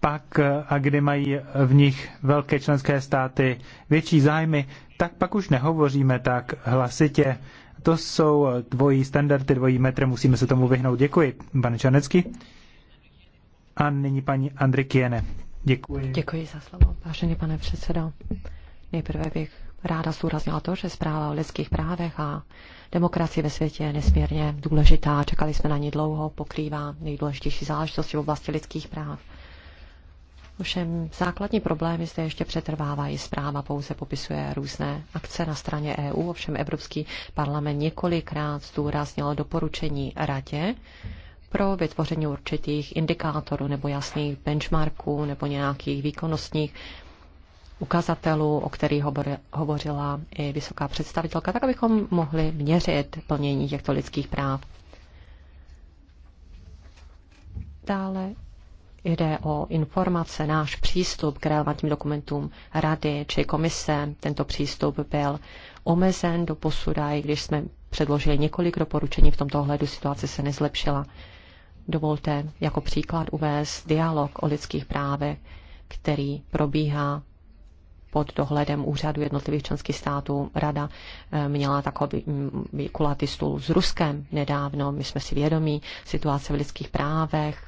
pak eh, a kdy mají v nich velké členské státy větší zájmy, tak pak už nehovoříme tak hlasitě. To jsou dvojí standardy, dvojí metry, musíme se tomu vyhnout. Děkuji, pane Čanecký. A nyní paní Andrikiene. Děkuji. Děkuji za slovo, vážený pane předsedo. Nejprve bych ráda zdůraznila to, že zpráva o lidských právech a demokracii ve světě je nesmírně důležitá. Čekali jsme na ní dlouho, pokrývá nejdůležitější záležitosti v oblasti lidských práv. Ovšem základní problémy zde ještě přetrvávají. Zpráva pouze popisuje různé akce na straně EU, ovšem Evropský parlament několikrát zdůraznil doporučení radě, pro vytvoření určitých indikátorů nebo jasných benchmarků nebo nějakých výkonnostních ukazatelů, o kterých hovořila i vysoká představitelka, tak abychom mohli měřit plnění těchto lidských práv. Dále jde o informace, náš přístup k relevantním dokumentům rady či komise. Tento přístup byl omezen do posuda, i když jsme předložili několik doporučení v tomto ohledu, situace se nezlepšila dovolte jako příklad uvést dialog o lidských právech, který probíhá pod dohledem úřadu jednotlivých členských států. Rada eh, měla takový mm, kulatý stůl s Ruskem nedávno. My jsme si vědomí situace v lidských právech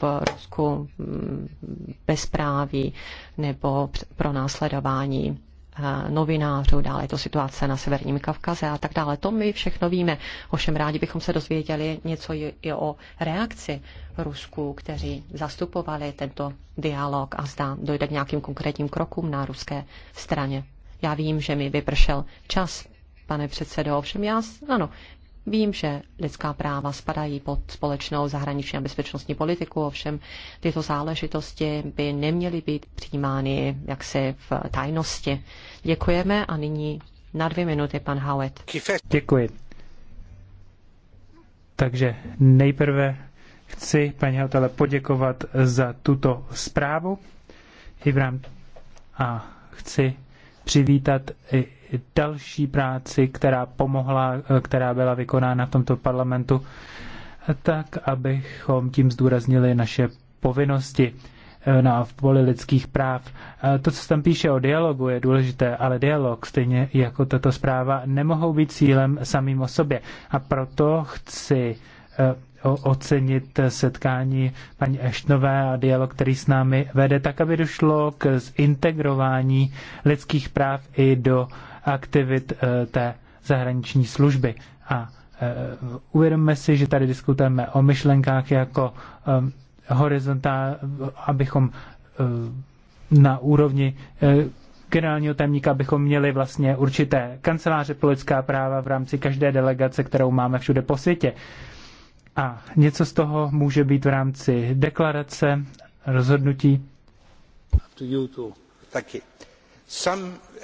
v Rusku mm, bezpráví nebo pro následování Eh, novinářů, dále je to situace na Severním Kavkaze a tak dále. To my všechno víme. Ovšem rádi bychom se dozvěděli něco i o reakci Rusku, kteří zastupovali tento dialog a zda dojde k nějakým konkrétním krokům na ruské straně. Já vím, že mi vypršel čas, pane předsedo, ovšem já, ano, Vím, že lidská práva spadají pod společnou zahraniční a bezpečnostní politiku, ovšem tyto záležitosti by neměly být přijímány jaksi v tajnosti. Děkujeme a nyní na dvě minuty pan Howet. Děkuji. Takže nejprve chci, paní Hautele poděkovat za tuto zprávu i a chci přivítat i další práci, která pomohla, která byla vykonána v tomto parlamentu, tak abychom tím zdůraznili naše povinnosti eh, na v poli lidských práv. Eh, to, co se tam píše o dialogu, je důležité, ale dialog, stejně jako tato zpráva, nemohou být cílem samým o sobě. A proto chci eh, ocenit setkání paní Eštnové a dialog, který s námi vede, tak aby došlo k zintegrování lidských práv i do aktivit eh, té zahraniční služby. A eh, uvědomme si, že tady diskutujeme o myšlenkách jako eh, horizontál, abychom na úrovni generálního tajemníka bychom měli vlastně určité kanceláře politická práva v rámci každé delegace, kterou máme všude po světě. A něco z toho může být v rámci deklarace, rozhodnutí. Taky.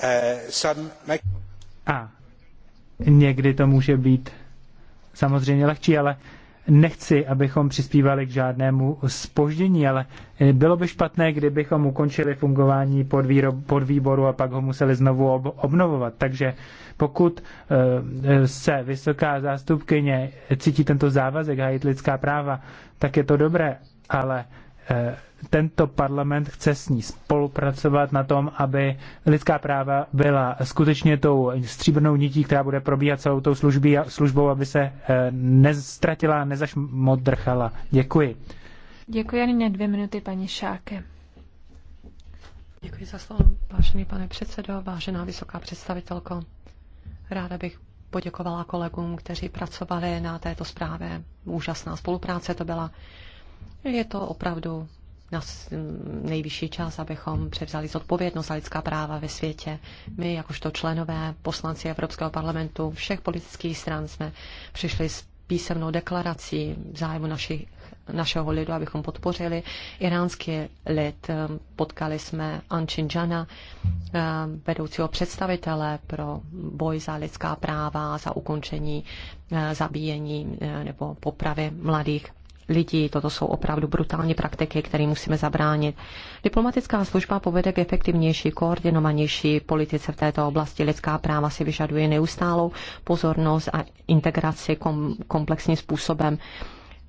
Eh, A někdy to může být samozřejmě lehčí, ale nechci, abychom přispívali k žádnému spoždění, ale eh, bylo by špatné, kdybychom ukončili fungování pod, výboru a pak ho museli znovu ob, obnovovat. Takže pokud eh, eh, se vysoká zástupkyně cítí tento závazek hájit lidská práva, tak je to dobré, ale Eh, tento parlament chce s ní spolupracovat na tom, aby lidská práva byla skutečně tou stříbrnou nití, která bude probíhat celou tou službou, aby se eh, neztratila, nezašmodrchala. Děkuji. Děkuji, ani na dvě minuty, paní Šáke. Děkuji za slovo, vážený pane předsedo, vážená vysoká představitelko. Ráda bych poděkovala kolegům, kteří pracovali na této zprávě. Úžasná spolupráce to byla. Je to opravdu na nejvyšší čas, abychom převzali zodpovědnost za lidská práva ve světě. My, jakožto členové, poslanci Evropského parlamentu, všech politických stran jsme přišli s písemnou deklarací v zájmu našich, našeho lidu, abychom podpořili iránský lid. Potkali jsme Ančin Džana, eh, vedoucího představitele pro boj za lidská práva, za ukončení eh, zabíjení eh, nebo popravy mladých lidí. Toto jsou opravdu brutální praktiky, které musíme zabránit. Diplomatická služba povede k efektivnější, koordinovanější politice v této oblasti. Lidská práva si vyžaduje neustálou pozornost a integraci kom- komplexním způsobem.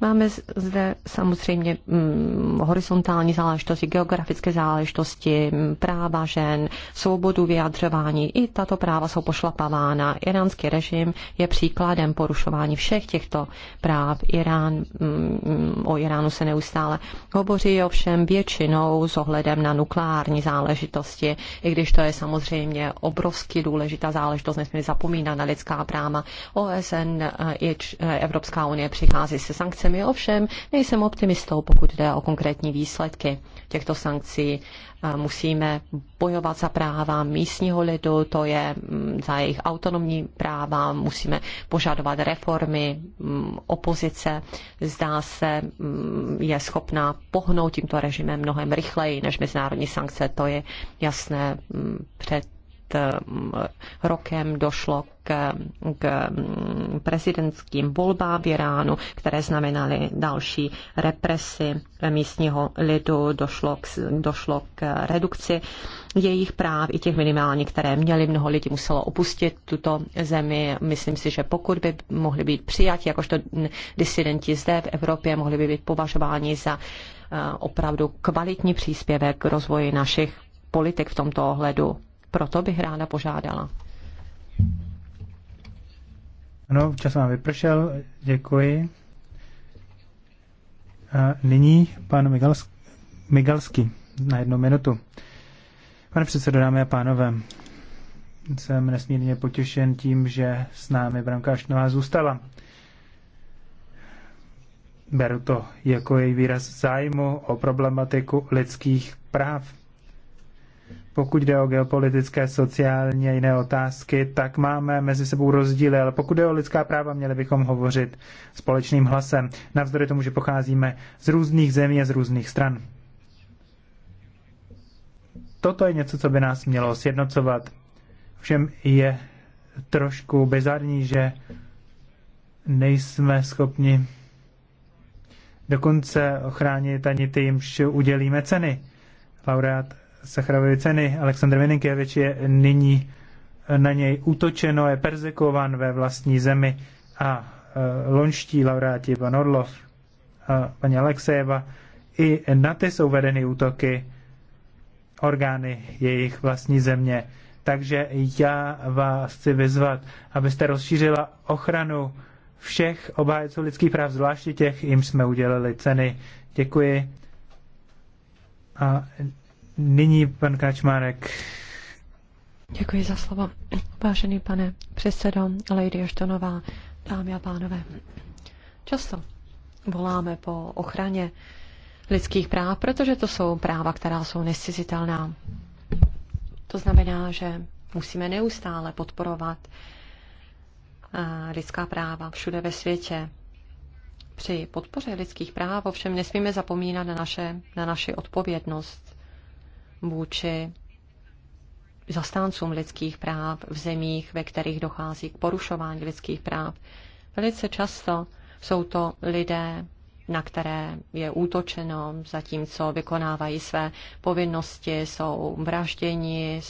Máme zde samozřejmě mm, horizontální záležitosti, geografické záležitosti, práva žen, svobodu vyjadřování. I tato práva jsou pošlapavána. Iránský režim je příkladem porušování všech těchto práv. Irán, mm, o Iránu se neustále hovoří ovšem většinou s ohledem na nukleární záležitosti, i když to je samozřejmě obrovsky důležitá záležitost, nesmíme zapomínat na lidská práva. OSN eh, i eh, Evropská unie přichází se sankcemi sankcemi. Ovšem, nejsem optimistou, pokud jde o konkrétní výsledky těchto sankcí. Musíme bojovat za práva místního lidu, to je mm, za jejich autonomní práva, musíme požadovat reformy, mm, opozice zdá se mm, je schopná pohnout tímto režimem mnohem rychleji než mezinárodní sankce, to je jasné před Mm, rokem došlo k, k mm, prezidentským volbám v Iránu, které znamenaly další represi místního lidu, došlo k, došlo k redukci jejich práv i těch minimálních, které měli. Mnoho lidí muselo opustit tuto zemi. Myslím si, že pokud by mohli být přijati jakožto disidenti zde v Evropě, mohli by být považováni za eh, opravdu kvalitní příspěvek k rozvoji našich politik v tomto ohledu proto bych ráda požádala. Ano, čas vám vypršel, děkuji. A nyní pan Migalsk, Migalský na jednu minutu. Pane předsedo, dámy a pánové, jsem nesmírně potěšen tím, že s námi Branka Šnová zůstala. Beru to jako její výraz zájmu o problematiku lidských práv pokud jde o geopolitické, sociální a jiné otázky, tak máme mezi sebou rozdíly, ale pokud jde o lidská práva, měli bychom hovořit společným hlasem, navzdory tomu, že pocházíme z různých zemí a z různých stran. Toto je něco, co by nás mělo sjednocovat. Všem je trošku bizarní, že nejsme schopni dokonce ochránit ani ty, jimž udělíme ceny. Laureát Sacharovy ceny. Aleksandr Vininkěvič je nyní eh, na něj útočeno, je perzekovan ve vlastní zemi a e, lonští laureáti pan Orlov a paní Alexejeva, i na ty jsou vedeny útoky orgány jejich vlastní země. Takže já vás chci vyzvat, abyste rozšířila ochranu všech obhájců lidských práv, zvláště těch, jim jsme udělali ceny. Děkuji. A Nyní pan Kačmárek. Děkuji za slovo. Vážený pane předsedo, Lady Aštonová, dámy a pánové. Často voláme po ochraně lidských práv, protože to jsou práva, která jsou nescizitelná. To znamená, že musíme neustále podporovat eh, lidská práva všude ve světě. Při podpoře lidských práv ovšem nesmíme zapomínat na, naše, na naši odpovědnost vůči zastáncům lidských práv v zemích, ve kterých dochází k porušování lidských práv. Velice často jsou to lidé, na které je útočeno, zatímco vykonávají své povinnosti, jsou vražděni,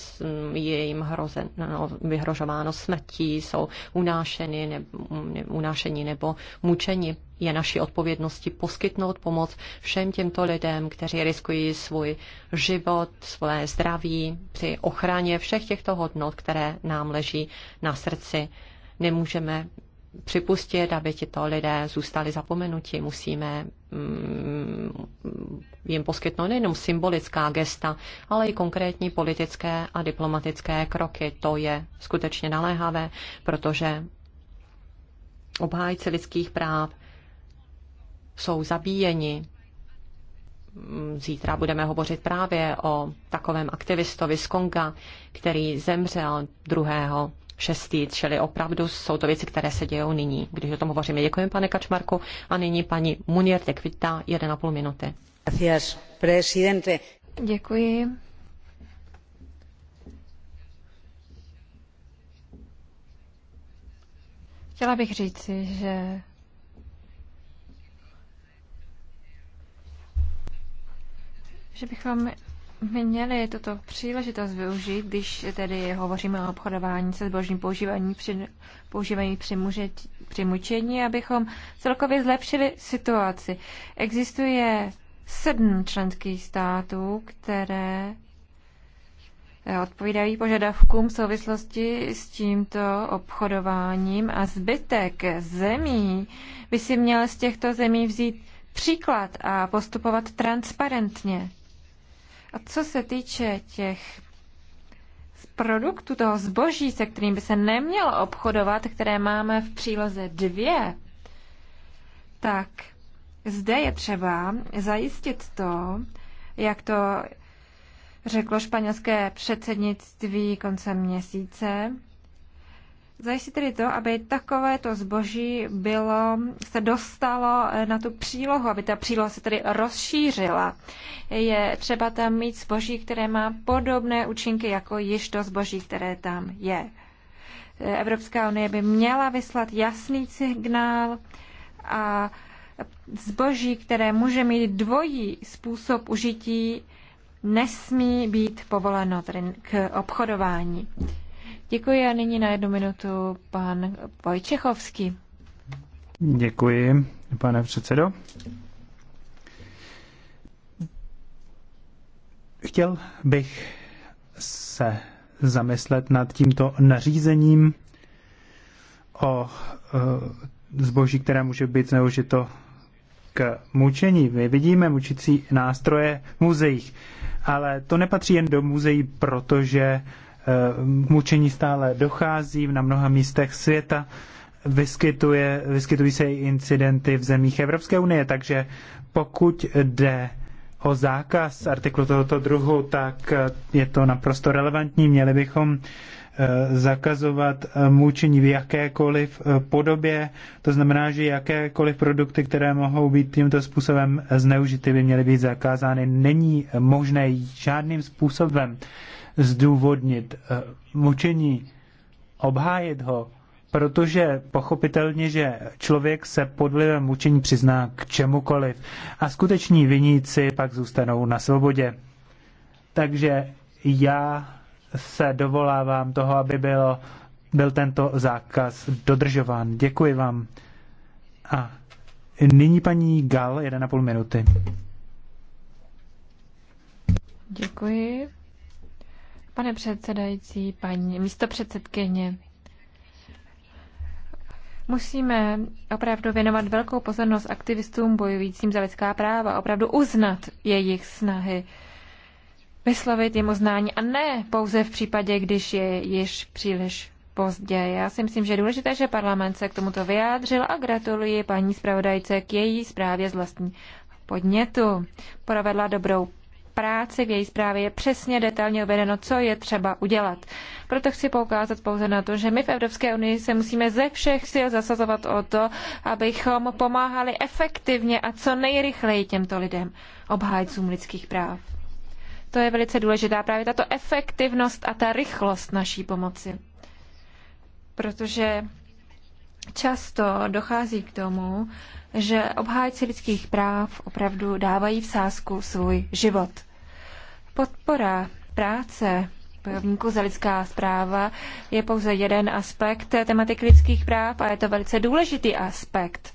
je jim hrozen, no, no, vyhrožováno smrtí, jsou unášeni, ne, ne, unášeni nebo mučeni. Je naší odpovědnosti poskytnout pomoc všem těmto lidem, kteří riskují svůj život, své zdraví při ochraně všech těchto hodnot, které nám leží na srdci. Nemůžeme připustit, aby ti to lidé zůstali zapomenuti. Musíme mm, jim poskytnout nejenom symbolická gesta, ale i konkrétní politické a diplomatické kroky. To je skutečně naléhavé, protože obhájci lidských práv jsou zabíjeni. Zítra budeme hovořit právě o takovém aktivistovi z Konga, který zemřel 2 šestý, čili opravdu jsou to věci, které se dějou nyní, když o tom hovoříme. Děkujeme, pane Kačmarku. A nyní paní Munier Tekvita, 1,5 minuty. Gracias, presidente. Děkuji. Chtěla bych říci, že že bychom měli tuto příležitost využít, když tedy hovoříme o obchodování se zbožním používání při, používání při, muže, při mučení, abychom celkově zlepšili situaci. Existuje sedm členských států, které eh, odpovídají požadavkům v souvislosti s tímto obchodováním a zbytek zemí by si měl z těchto zemí vzít příklad a postupovat transparentně. A co se týče těch produktů, toho zboží, se kterým by se nemělo obchodovat, které máme v příloze dvě, tak zde je třeba zajistit to, jak to řeklo španělské předsednictví koncem měsíce, Zajistit tedy to, aby takovéto zboží bylo, se dostalo eh, na tu přílohu, aby ta příloha se tedy rozšířila. Je třeba tam mít zboží, které má podobné účinky jako již to zboží, které tam je. Eh, Evropská unie by měla vyslat jasný signál a zboží, které může mít dvojí způsob užití, nesmí být povoleno tedy k obchodování. Děkuji a nyní na jednu minutu pan Vojčechovský. Děkuji, pane předsedo. Chtěl bych se zamyslet nad tímto nařízením o e, zboží, které může být zneužito k mučení. My vidíme mučicí nástroje v muzeích, ale to nepatří jen do muzeí, protože k eh, mučení stále dochází na mnoha místech světa. Vyskytuje, vyskytují se i incidenty v zemích Evropské unie, takže pokud jde o zákaz artiklu tohoto druhu, tak eh, je to naprosto relevantní. Měli bychom eh, zakazovat mučení v jakékoliv podobě. To znamená, že jakékoliv produkty, které mohou být tímto způsobem zneužity, by měly být zakázány. Není možné žádným způsobem zdůvodnit eh, mučení, obhájit ho, protože pochopitelně, že člověk se pod vlivem mučení přizná k čemukoliv a skuteční viníci pak zůstanou na svobodě. Takže já se dovolávám toho, aby bylo, byl tento zákaz dodržován. Děkuji vám. A nyní paní Gal, půl minuty. Děkuji, Pane předsedající, paní místo předsedkyně, musíme opravdu věnovat velkou pozornost aktivistům bojujícím za lidská práva, opravdu uznat jejich snahy, vyslovit jim uznání a ne pouze v případě, když je již příliš pozdě. Já si myslím, že je důležité, že parlament se k tomuto vyjádřil a gratuluji paní zpravodajce k její zprávě z vlastní podnětu. Provedla dobrou práci, v její zprávě je přesně detailně uvedeno, co je třeba udělat. Proto chci poukázat pouze na to, že my v Evropské unii se musíme ze všech sil zasazovat o to, abychom pomáhali efektivně a co nejrychleji těmto lidem, obhájcům lidských práv. To je velice důležitá právě tato efektivnost a ta rychlost naší pomoci. Protože často dochází k tomu, že obhájci lidských práv opravdu dávají v sázku svůj život. Podpora práce bojovníků za lidská zpráva je pouze jeden aspekt tematiky lidských práv a je to velice důležitý aspekt.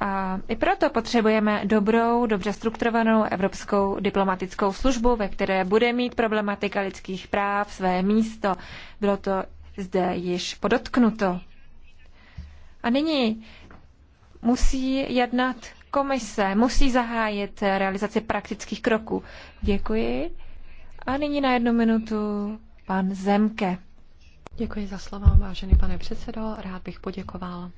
A i proto potřebujeme dobrou, dobře strukturovanou evropskou diplomatickou službu, ve které bude mít problematika lidských práv své místo. Bylo to zde již podotknuto. A nyní musí jednat Komise musí zahájit realizaci praktických kroků. Děkuji. A nyní na jednu minutu pan Zemke. Děkuji za slovo, vážený pane předsedo. Rád bych poděkoval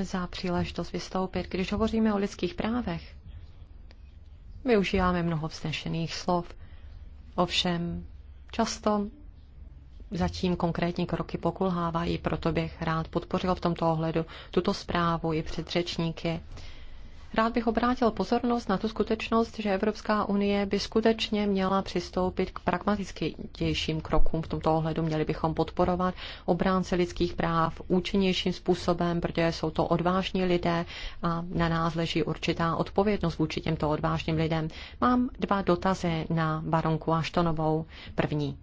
za příležitost vystoupit. Když hovoříme o lidských právech, využíváme mnoho vznešených slov. Ovšem, často zatím konkrétní kroky pokulhávají, proto bych rád podpořil v tomto ohledu tuto zprávu i předřečníky. Rád bych obrátil pozornost na tu skutečnost, že Evropská unie by skutečně měla přistoupit k pragmatickějším krokům v tomto ohledu. Měli bychom podporovat obránce lidských práv účinnějším způsobem, protože jsou to odvážní lidé a na nás leží určitá odpovědnost vůči těmto odvážným lidem. Mám dva dotazy na baronku Aštonovou. První.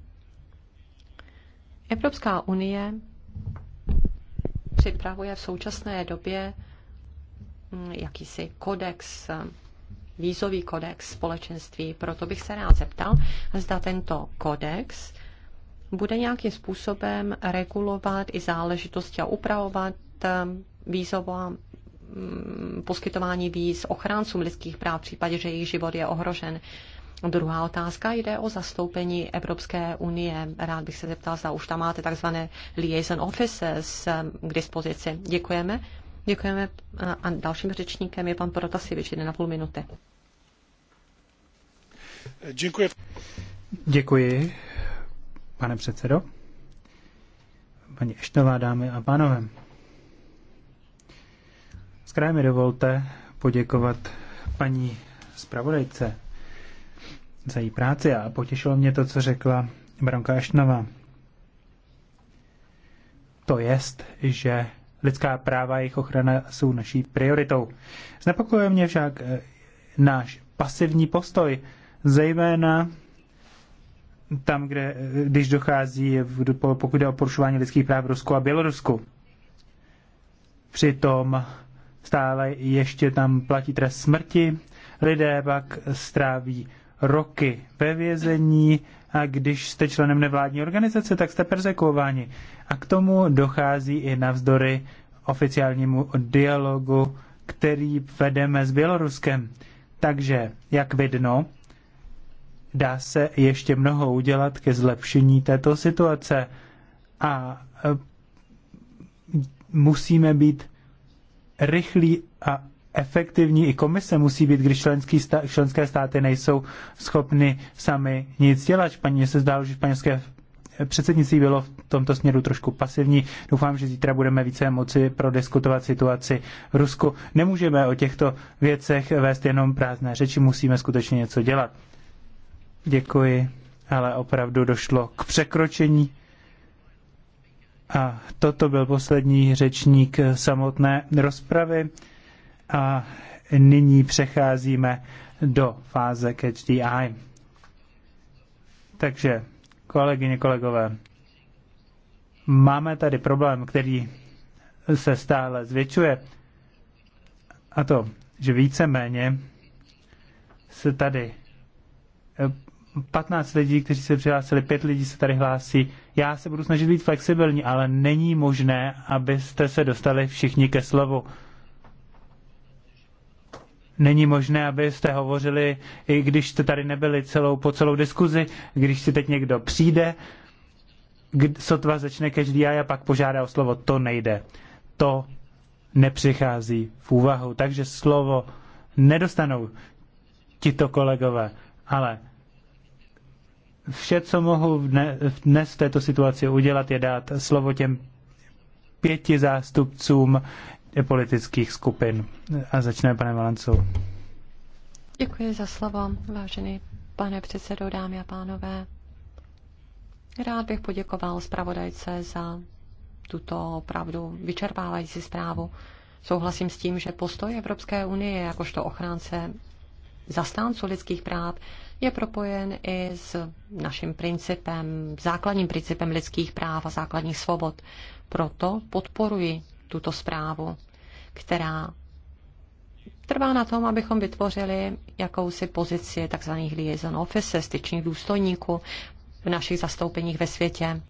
Evropská unie připravuje v současné době jakýsi kodex, vízový kodex společenství. Proto bych se rád zeptal, zda tento kodex bude nějakým způsobem regulovat i záležitosti a upravovat um, vízová um, poskytování víz ochráncům lidských práv v případě, že jejich život je ohrožen. Druhá otázka jde o zastoupení Evropské unie. Rád bych se zeptal, zda už tam máte takzvané liaison offices um, k dispozici. Děkujeme. Děkujeme a dalším řečníkem je pan Protasivič, jeden na půl minuty. Děkuji. Děkuji, pane předsedo. Paní Eštová, dámy a pánové. Zkrátka mi dovolte poděkovat paní zpravodajce za její práci a potěšilo mě to, co řekla Branka Eštnová. To jest, že Lidská práva a jejich ochrana jsou naší prioritou. Znepokojuje mě však eh, náš pasivní postoj, zejména tam, kde, eh, když dochází, pokud jde o porušování lidských práv v Rusku a Bělorusku. Přitom stále ještě tam platí trest smrti, lidé pak stráví roky ve vězení a když jste členem nevládní organizace, tak jste persekuováni. A k tomu dochází i navzdory oficiálnímu dialogu, který vedeme s Běloruskem. Takže, jak vidno, dá se ještě mnoho udělat ke zlepšení této situace a e, musíme být rychlí a efektivní i komise musí být, když členský členské státy nejsou schopny sami nic dělat. Mně se zdálo, že španělské předsednictví bylo v tomto směru trošku pasivní. Doufám, že zítra budeme více moci prodiskutovat situaci v Rusku. Nemůžeme o těchto věcech vést jenom prázdné řeči, musíme skutečně něco dělat. Děkuji, ale opravdu došlo k překročení. A toto byl poslední řečník samotné rozpravy. A nyní přecházíme do fáze Catch the Eye. Takže, kolegyně, kolegové, máme tady problém, který se stále zvětšuje. A to, že víceméně se tady 15 eh, lidí, kteří se přihlásili, 5 lidí se tady hlásí. Já se budu snažit být flexibilní, ale není možné, abyste se dostali všichni ke slovu není možné, abyste hovořili, i když jste tady nebyli celou, po celou diskuzi, když si teď někdo přijde, sotva začne každý a pak požádá o slovo, to nejde. To nepřichází v úvahu, takže slovo nedostanou tito kolegové, ale vše, co mohu dnes v této situaci udělat, je dát slovo těm pěti zástupcům politických skupin. A začneme pane Valencou. Děkuji za slovo, vážený pane předsedo, dámy a pánové. Rád bych poděkoval zpravodajce za tuto opravdu vyčerpávající zprávu. Souhlasím s tím, že postoj Evropské unie jakožto ochránce zastánců lidských práv je propojen i s naším principem, základním principem lidských práv a základních svobod. Proto podporuji tuto zprávu, která trvá na tom, abychom vytvořili jakousi pozici tzv. liaison office, styčných důstojníků v našich zastoupeních ve světě.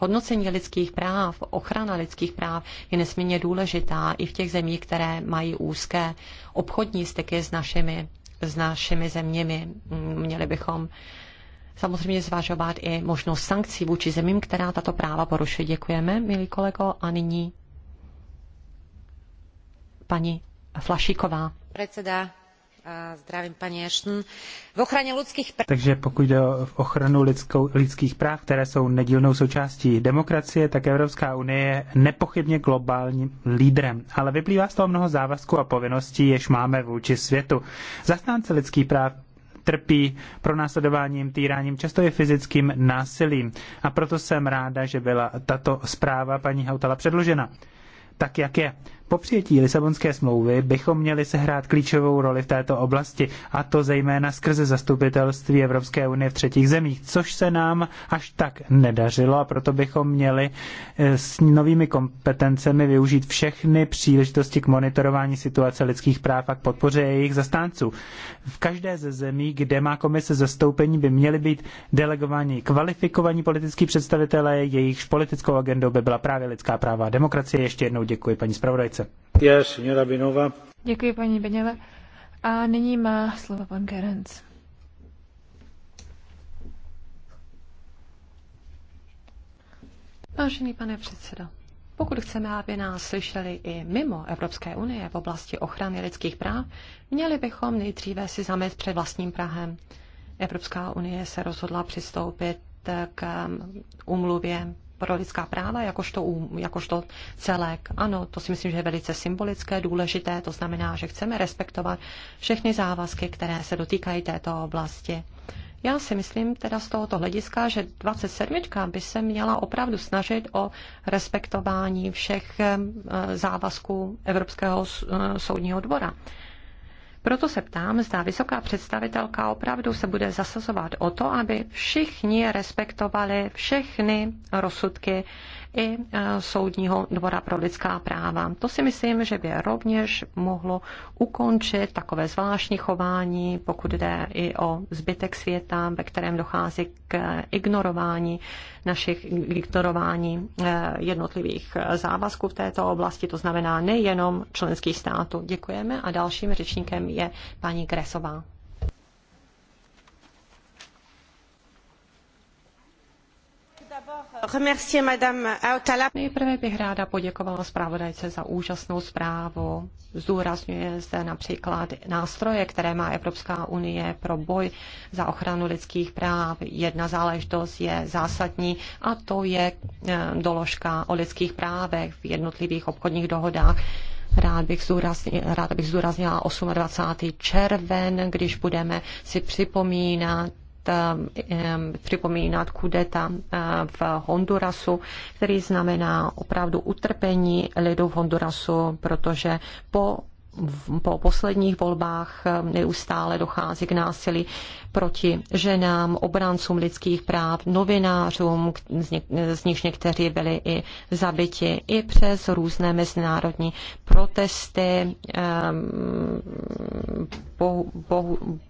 Hodnocení lidských práv, ochrana lidských práv je nesmírně důležitá i v těch zemích, které mají úzké obchodní styky s našimi, s našimi zeměmi. Měli bychom samozřejmě zvažovat i možnost sankcí vůči zemím, která tato práva porušuje. Děkujeme, milí kolego, a nyní zdravím paní V ochraně lidských práv... Takže pokud jde o ochranu lidskou, lidských práv, které jsou nedílnou součástí demokracie, tak Evropská unie je nepochybně globálním lídrem. Ale vyplývá z toho mnoho závazků a povinností, jež máme vůči světu. Zastánce lidských práv trpí pronásledováním, týráním, často i fyzickým násilím. A proto jsem ráda, že byla tato zpráva paní Hautala předložena. Tak jak je. Po přijetí Lisabonské smlouvy bychom měli sehrát klíčovou roli v této oblasti, a to zejména skrze zastupitelství Evropské unie v třetích zemích, což se nám až tak nedařilo a proto bychom měli eh, s novými kompetencemi využít všechny příležitosti k monitorování situace lidských práv a k podpoře jejich zastánců. V každé ze zemí, kde má komise zastoupení, by měly být delegováni kvalifikovaní politický představitelé, jejichž politickou agendou by byla právě lidská práva a demokracie. Ještě jednou děkuji paní zpravodajce více. Děkuji, paní Beněle. A nyní má slovo pan Gerenc. Vážený pane předsedo, pokud chceme, aby nás slyšeli i mimo Evropské unie v oblasti ochrany lidských práv, měli bychom nejdříve si zamést před vlastním Prahem. Evropská unie se rozhodla přistoupit k umluvě um, pro lidská práva jakožto, jakožto celek. Ano, to si myslím, že je velice symbolické, důležité, to znamená, že chceme respektovat všechny závazky, které se dotýkají této oblasti. Já si myslím teda z tohoto hlediska, že 27. by se měla opravdu snažit o respektování všech eh, závazků Evropského eh, soudního dvora. Proto se ptám, zda vysoká představitelka opravdu se bude zasazovat o to, aby všichni respektovali všechny rozsudky i e, Soudního dvora pro lidská práva. To si myslím, že by rovněž mohlo ukončit takové zvláštní chování, pokud jde i o zbytek světa, ve kterém dochází k ignorování našich ignorování e, jednotlivých závazků v této oblasti, to znamená nejenom členských států. Děkujeme a dalším řečníkem je paní Kresová. Nejprve bych ráda poděkovala zpravodajce za úžasnou zprávu. Zdůrazňuje zde například nástroje, které má Evropská unie pro boj za ochranu lidských práv. Jedna záležitost je zásadní a to je eh, doložka o lidských právech v jednotlivých obchodních dohodách. Rád bych, rád bych zdůraznila 28. červen, když budeme si připomínat Um, eh, připomínat kudeta eh, v Hondurasu, který znamená opravdu utrpení lidu v Hondurasu, protože po po posledních volbách eh, neustále dochází k násilí proti ženám, obráncům lidských práv, novinářům, z nich někteří byli i zabiti, i přes různé mezinárodní protesty. Ehm,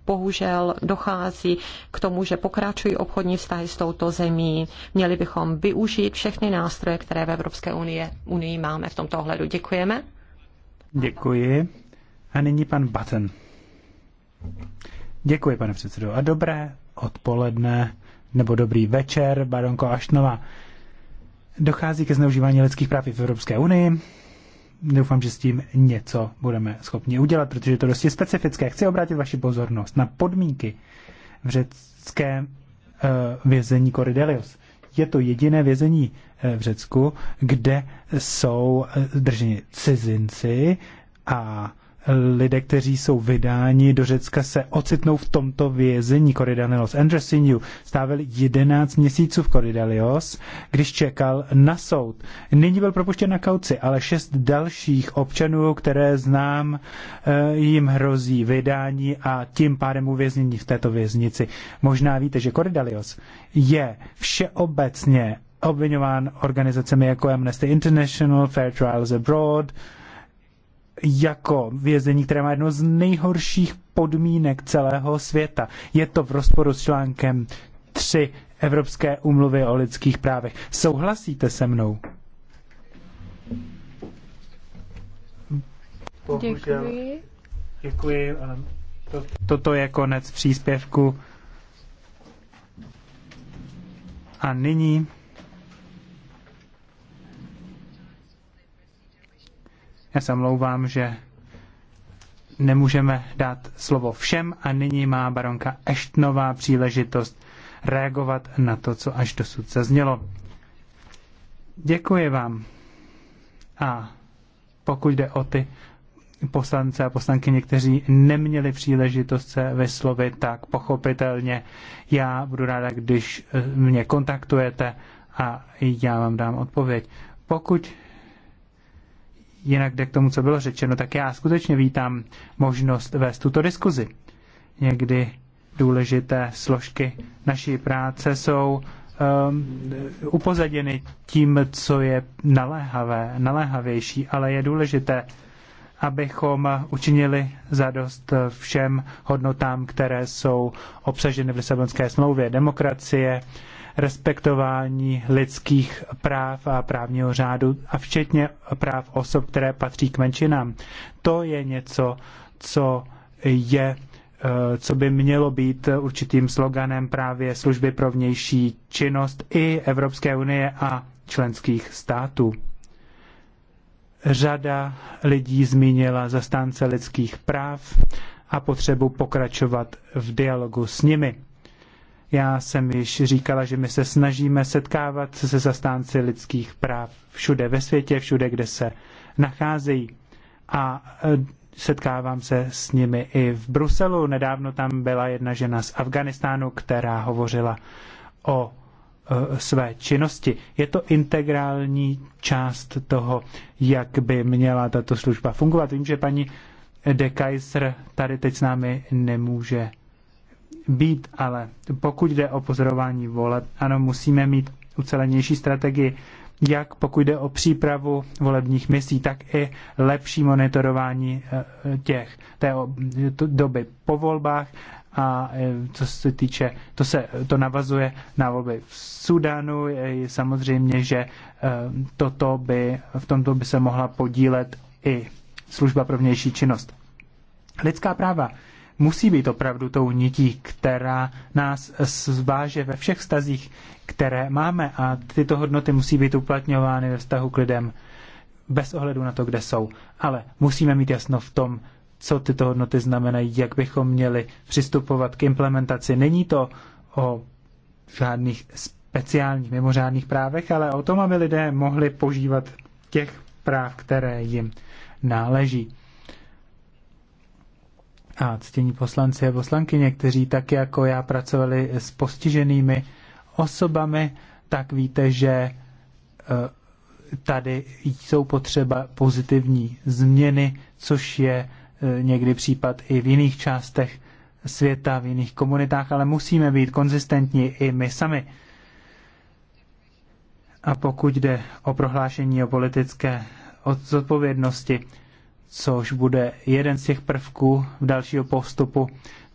bohužel dochází k tomu, že pokračují obchodní vztahy s touto zemí. Měli bychom využít všechny nástroje, které v Evropské unii máme v tomto ohledu. Děkujeme. Děkuji. A nyní pan Button. Děkuji, pane předsedo. A dobré odpoledne nebo dobrý večer, baronko Aštnova. Dochází ke zneužívání lidských práv v Evropské unii. Doufám, že s tím něco budeme schopni udělat, protože je to dosti specifické. Chci obrátit vaši pozornost na podmínky v řeckém uh, eh, vězení Koridelius. Je to jediné vězení eh, v Řecku, kde jsou eh, drženi cizinci a lidé, kteří jsou vydáni do Řecka, se ocitnou v tomto vězení Koridalios. Andrew Sinew stávil 11 měsíců v Koridalios, když čekal na soud. Nyní byl propuštěn na kauci, ale šest dalších občanů, které znám, eh, jim hrozí vydání a tím pádem uvěznění v této věznici. Možná víte, že Koridalios je všeobecně obvinován organizacemi jako Amnesty International, Fair Trials Abroad, jako vězení, které má jedno z nejhorších podmínek celého světa. Je to v rozporu s článkem 3 Evropské umluvy o lidských právech. Souhlasíte se mnou? Děkuji. Děkuji, to, toto je konec příspěvku. A nyní Já se omlouvám, že nemůžeme dát slovo všem a nyní má baronka Eštnová příležitost reagovat na to, co až dosud zaznělo. Děkuji vám. A pokud jde o ty poslance a poslanky, kteří neměli příležitost se vyslovit, tak pochopitelně já budu ráda, když eh, mě kontaktujete a já vám dám odpověď. Pokud jinak jde k tomu, co bylo řečeno, tak já skutečně vítám možnost vést tuto diskuzi. Někdy důležité složky naší práce jsou um, upozaděny tím, co je naléhavé, naléhavější, ale je důležité, abychom učinili zadost všem hodnotám, které jsou obsaženy v Lisabonské smlouvě. Demokracie, uh, respektování lidských práv a právního řádu a včetně práv osob, které patří k menšinám. To je něco, co je eh, co by mělo být určitým sloganem právě služby pro vnější činnost i Evropské unie a členských států. Řada lidí zmínila zastánce lidských práv a potřebu pokračovat v dialogu s nimi. Já jsem již říkala, že my se snažíme setkávat se zastánci lidských práv všude ve světě, všude, kde se nacházejí. A e, setkávám se s nimi i v Bruselu. Nedávno tam byla jedna žena z Afganistánu, která hovořila o e, své činnosti. Je to integrální část toho, jak by měla tato služba fungovat. Vím, že paní de Kaiser tady teď s námi nemůže být, ale pokud jde o pozorování voleb, ano, musíme mít ucelenější strategii, jak pokud jde o přípravu volebních misí, tak i lepší monitorování eh, těch té doby po volbách a eh, co se týče, to se to navazuje na volby v Sudánu, samozřejmě, že eh, toto by, v tomto by se mohla podílet i služba pro vnější činnost. Lidská práva musí být opravdu tou nití, která nás zváže ve všech vztazích, které máme a tyto hodnoty musí být uplatňovány ve vztahu k lidem bez ohledu na to, kde jsou. Ale musíme mít jasno v tom, co tyto hodnoty znamenají, jak bychom měli přistupovat k implementaci. Není to o žádných speciálních mimořádných právech, ale o tom, aby lidé mohli požívat těch práv, které jim náleží a ctění poslanci a poslankyně, kteří tak jako já pracovali s postiženými osobami, tak víte, že eh, tady jsou potřeba pozitivní změny, což je eh, někdy případ i v jiných částech světa, v jiných komunitách, ale musíme být konzistentní i my sami. A pokud jde o prohlášení o politické zodpovědnosti, což bude jeden z těch prvků v dalšího postupu,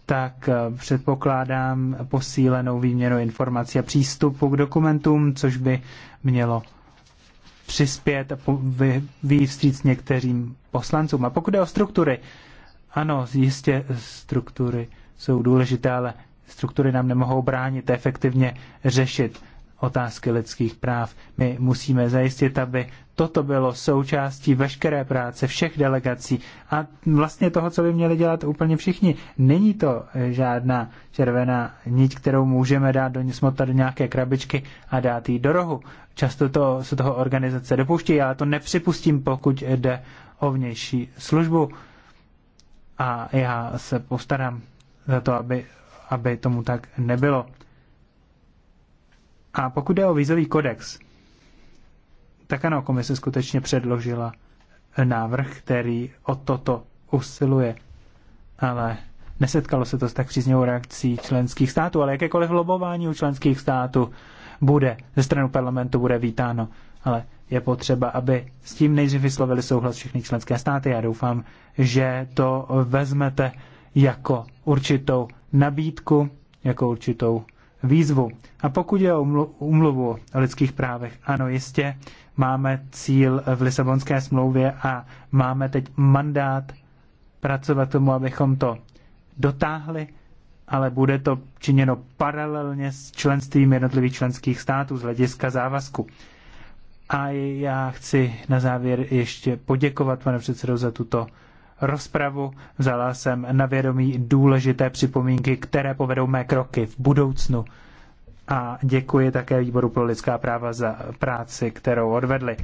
tak eh, předpokládám posílenou výměnu informací a přístupu k dokumentům, což by mělo přispět a vyvstříc některým poslancům. A pokud je o struktury, ano, jistě struktury jsou důležité, ale struktury nám nemohou bránit efektivně řešit otázky lidských práv. My musíme zajistit, aby toto bylo součástí veškeré práce všech delegací a vlastně toho, co by měli dělat úplně všichni. Není to žádná červená niť, kterou můžeme dát do, smotat do nějaké krabičky a dát ji do rohu. Často to, se toho organizace dopouští, ale to nepřipustím, pokud jde o vnější službu. A já se postarám za to, aby, aby tomu tak nebylo. A pokud jde o vízový kodex, tak ano, komise skutečně předložila návrh, který o toto usiluje. Ale nesetkalo se to s tak příznivou reakcí členských států, ale jakékoliv lobování u členských států bude ze strany parlamentu bude vítáno. Ale je potřeba, aby s tím nejdřív vyslovili souhlas všechny členské státy. Já doufám, že to vezmete jako určitou nabídku, jako určitou výzvu. A pokud je o umluvu o lidských právech, ano, jistě, máme cíl v Lisabonské smlouvě a máme teď mandát pracovat tomu, abychom to dotáhli, ale bude to činěno paralelně s členstvím jednotlivých členských států z hlediska závazku. A já chci na závěr ještě poděkovat, pane předsedo, za tuto rozpravu, vzala jsem na vědomí důležité připomínky, které povedou mé kroky v budoucnu. A děkuji také Výboru pro lidská práva za práci, kterou odvedli.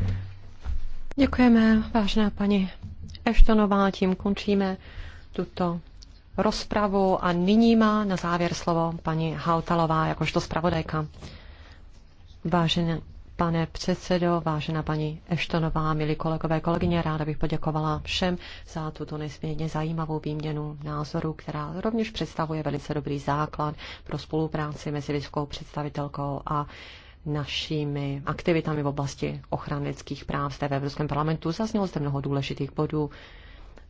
Děkujeme, vážná paní Eštonová, tím končíme tuto rozpravu a nyní má na závěr slovo paní Hautalová jakožto zpravodajka. Vážené pane předsedo, vážená paní Eštonová, milí kolegové, kolegyně, ráda bych poděkovala všem za tuto nesmírně zajímavou výměnu názoru, která rovněž představuje velice dobrý základ pro spolupráci mezi vysokou představitelkou a našimi aktivitami v oblasti ochrany lidských práv zde ve Evropském parlamentu. Zaznělo zde mnoho důležitých bodů,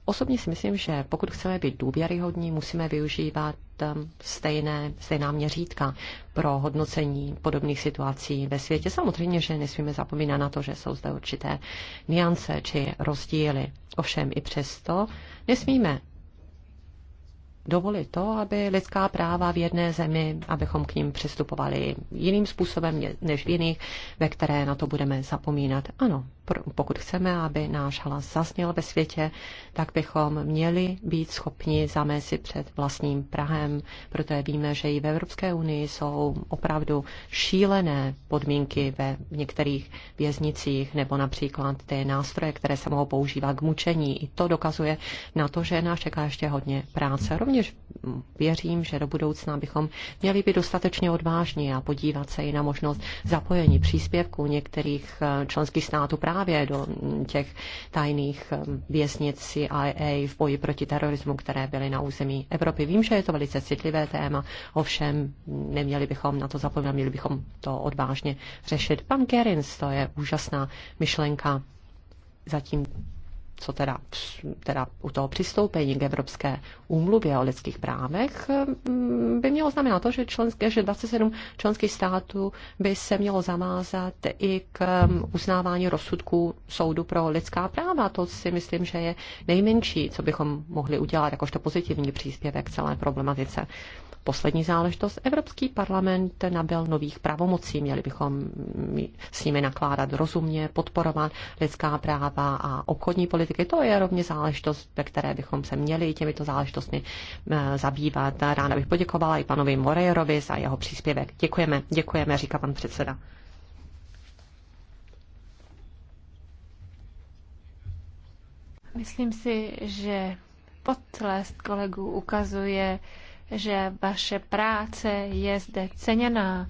Osobně si myslím, že pokud chceme být důvěryhodní, musíme využívat um, stejné, stejná měřítka pro hodnocení podobných situací ve světě. Samozřejmě, že nesmíme zapomínat na to, že jsou zde určité niance či rozdíly. Ovšem i přesto nesmíme dovolit to, aby lidská práva v jedné zemi, abychom k ním přistupovali jiným způsobem než v jiných, ve které na to budeme zapomínat. Ano, pokud chceme, aby náš hlas zazněl ve světě, tak bychom měli být schopni zamezit před vlastním Prahem. Proto víme, že i v Evropské unii jsou opravdu šílené podmínky ve některých věznicích nebo například ty nástroje, které se mohou používat k mučení. I to dokazuje na to, že nás čeká ještě hodně práce. Rovněž věřím, že do budoucna bychom měli být dostatečně odvážní a podívat se i na možnost zapojení příspěvků některých eh, členských států právě do těch tajných eh, věznic CIA v boji proti terorismu, které byly na území Evropy. Vím, že je to velice citlivé téma, ovšem neměli bychom na to zapomínat, měli bychom to odvážně řešit. Pan Gerins, to je úžasná myšlenka. Zatím co teda, teda u toho přistoupení k Evropské úmluvě o lidských právech, mm, by mělo znamenat to, že, členské, že 27 členských států by se mělo zamázat i k mm, uznávání rozsudků soudu pro lidská práva. To si myslím, že je nejmenší, co bychom mohli udělat jakožto pozitivní příspěvek celé problematice poslední záležitost, Evropský parlament nabil nových pravomocí. Měli bychom s nimi nakládat rozumně, podporovat lidská práva a obchodní politiky. To je rovně záležitost, ve které bychom se měli těmito záležitostmi eh, zabývat. Ráda bych poděkovala i panovi Morejerovi za jeho příspěvek. Děkujeme, děkujeme, říká pan předseda. Myslím si, že potlest kolegů ukazuje, že vaše práce je zde ceněná.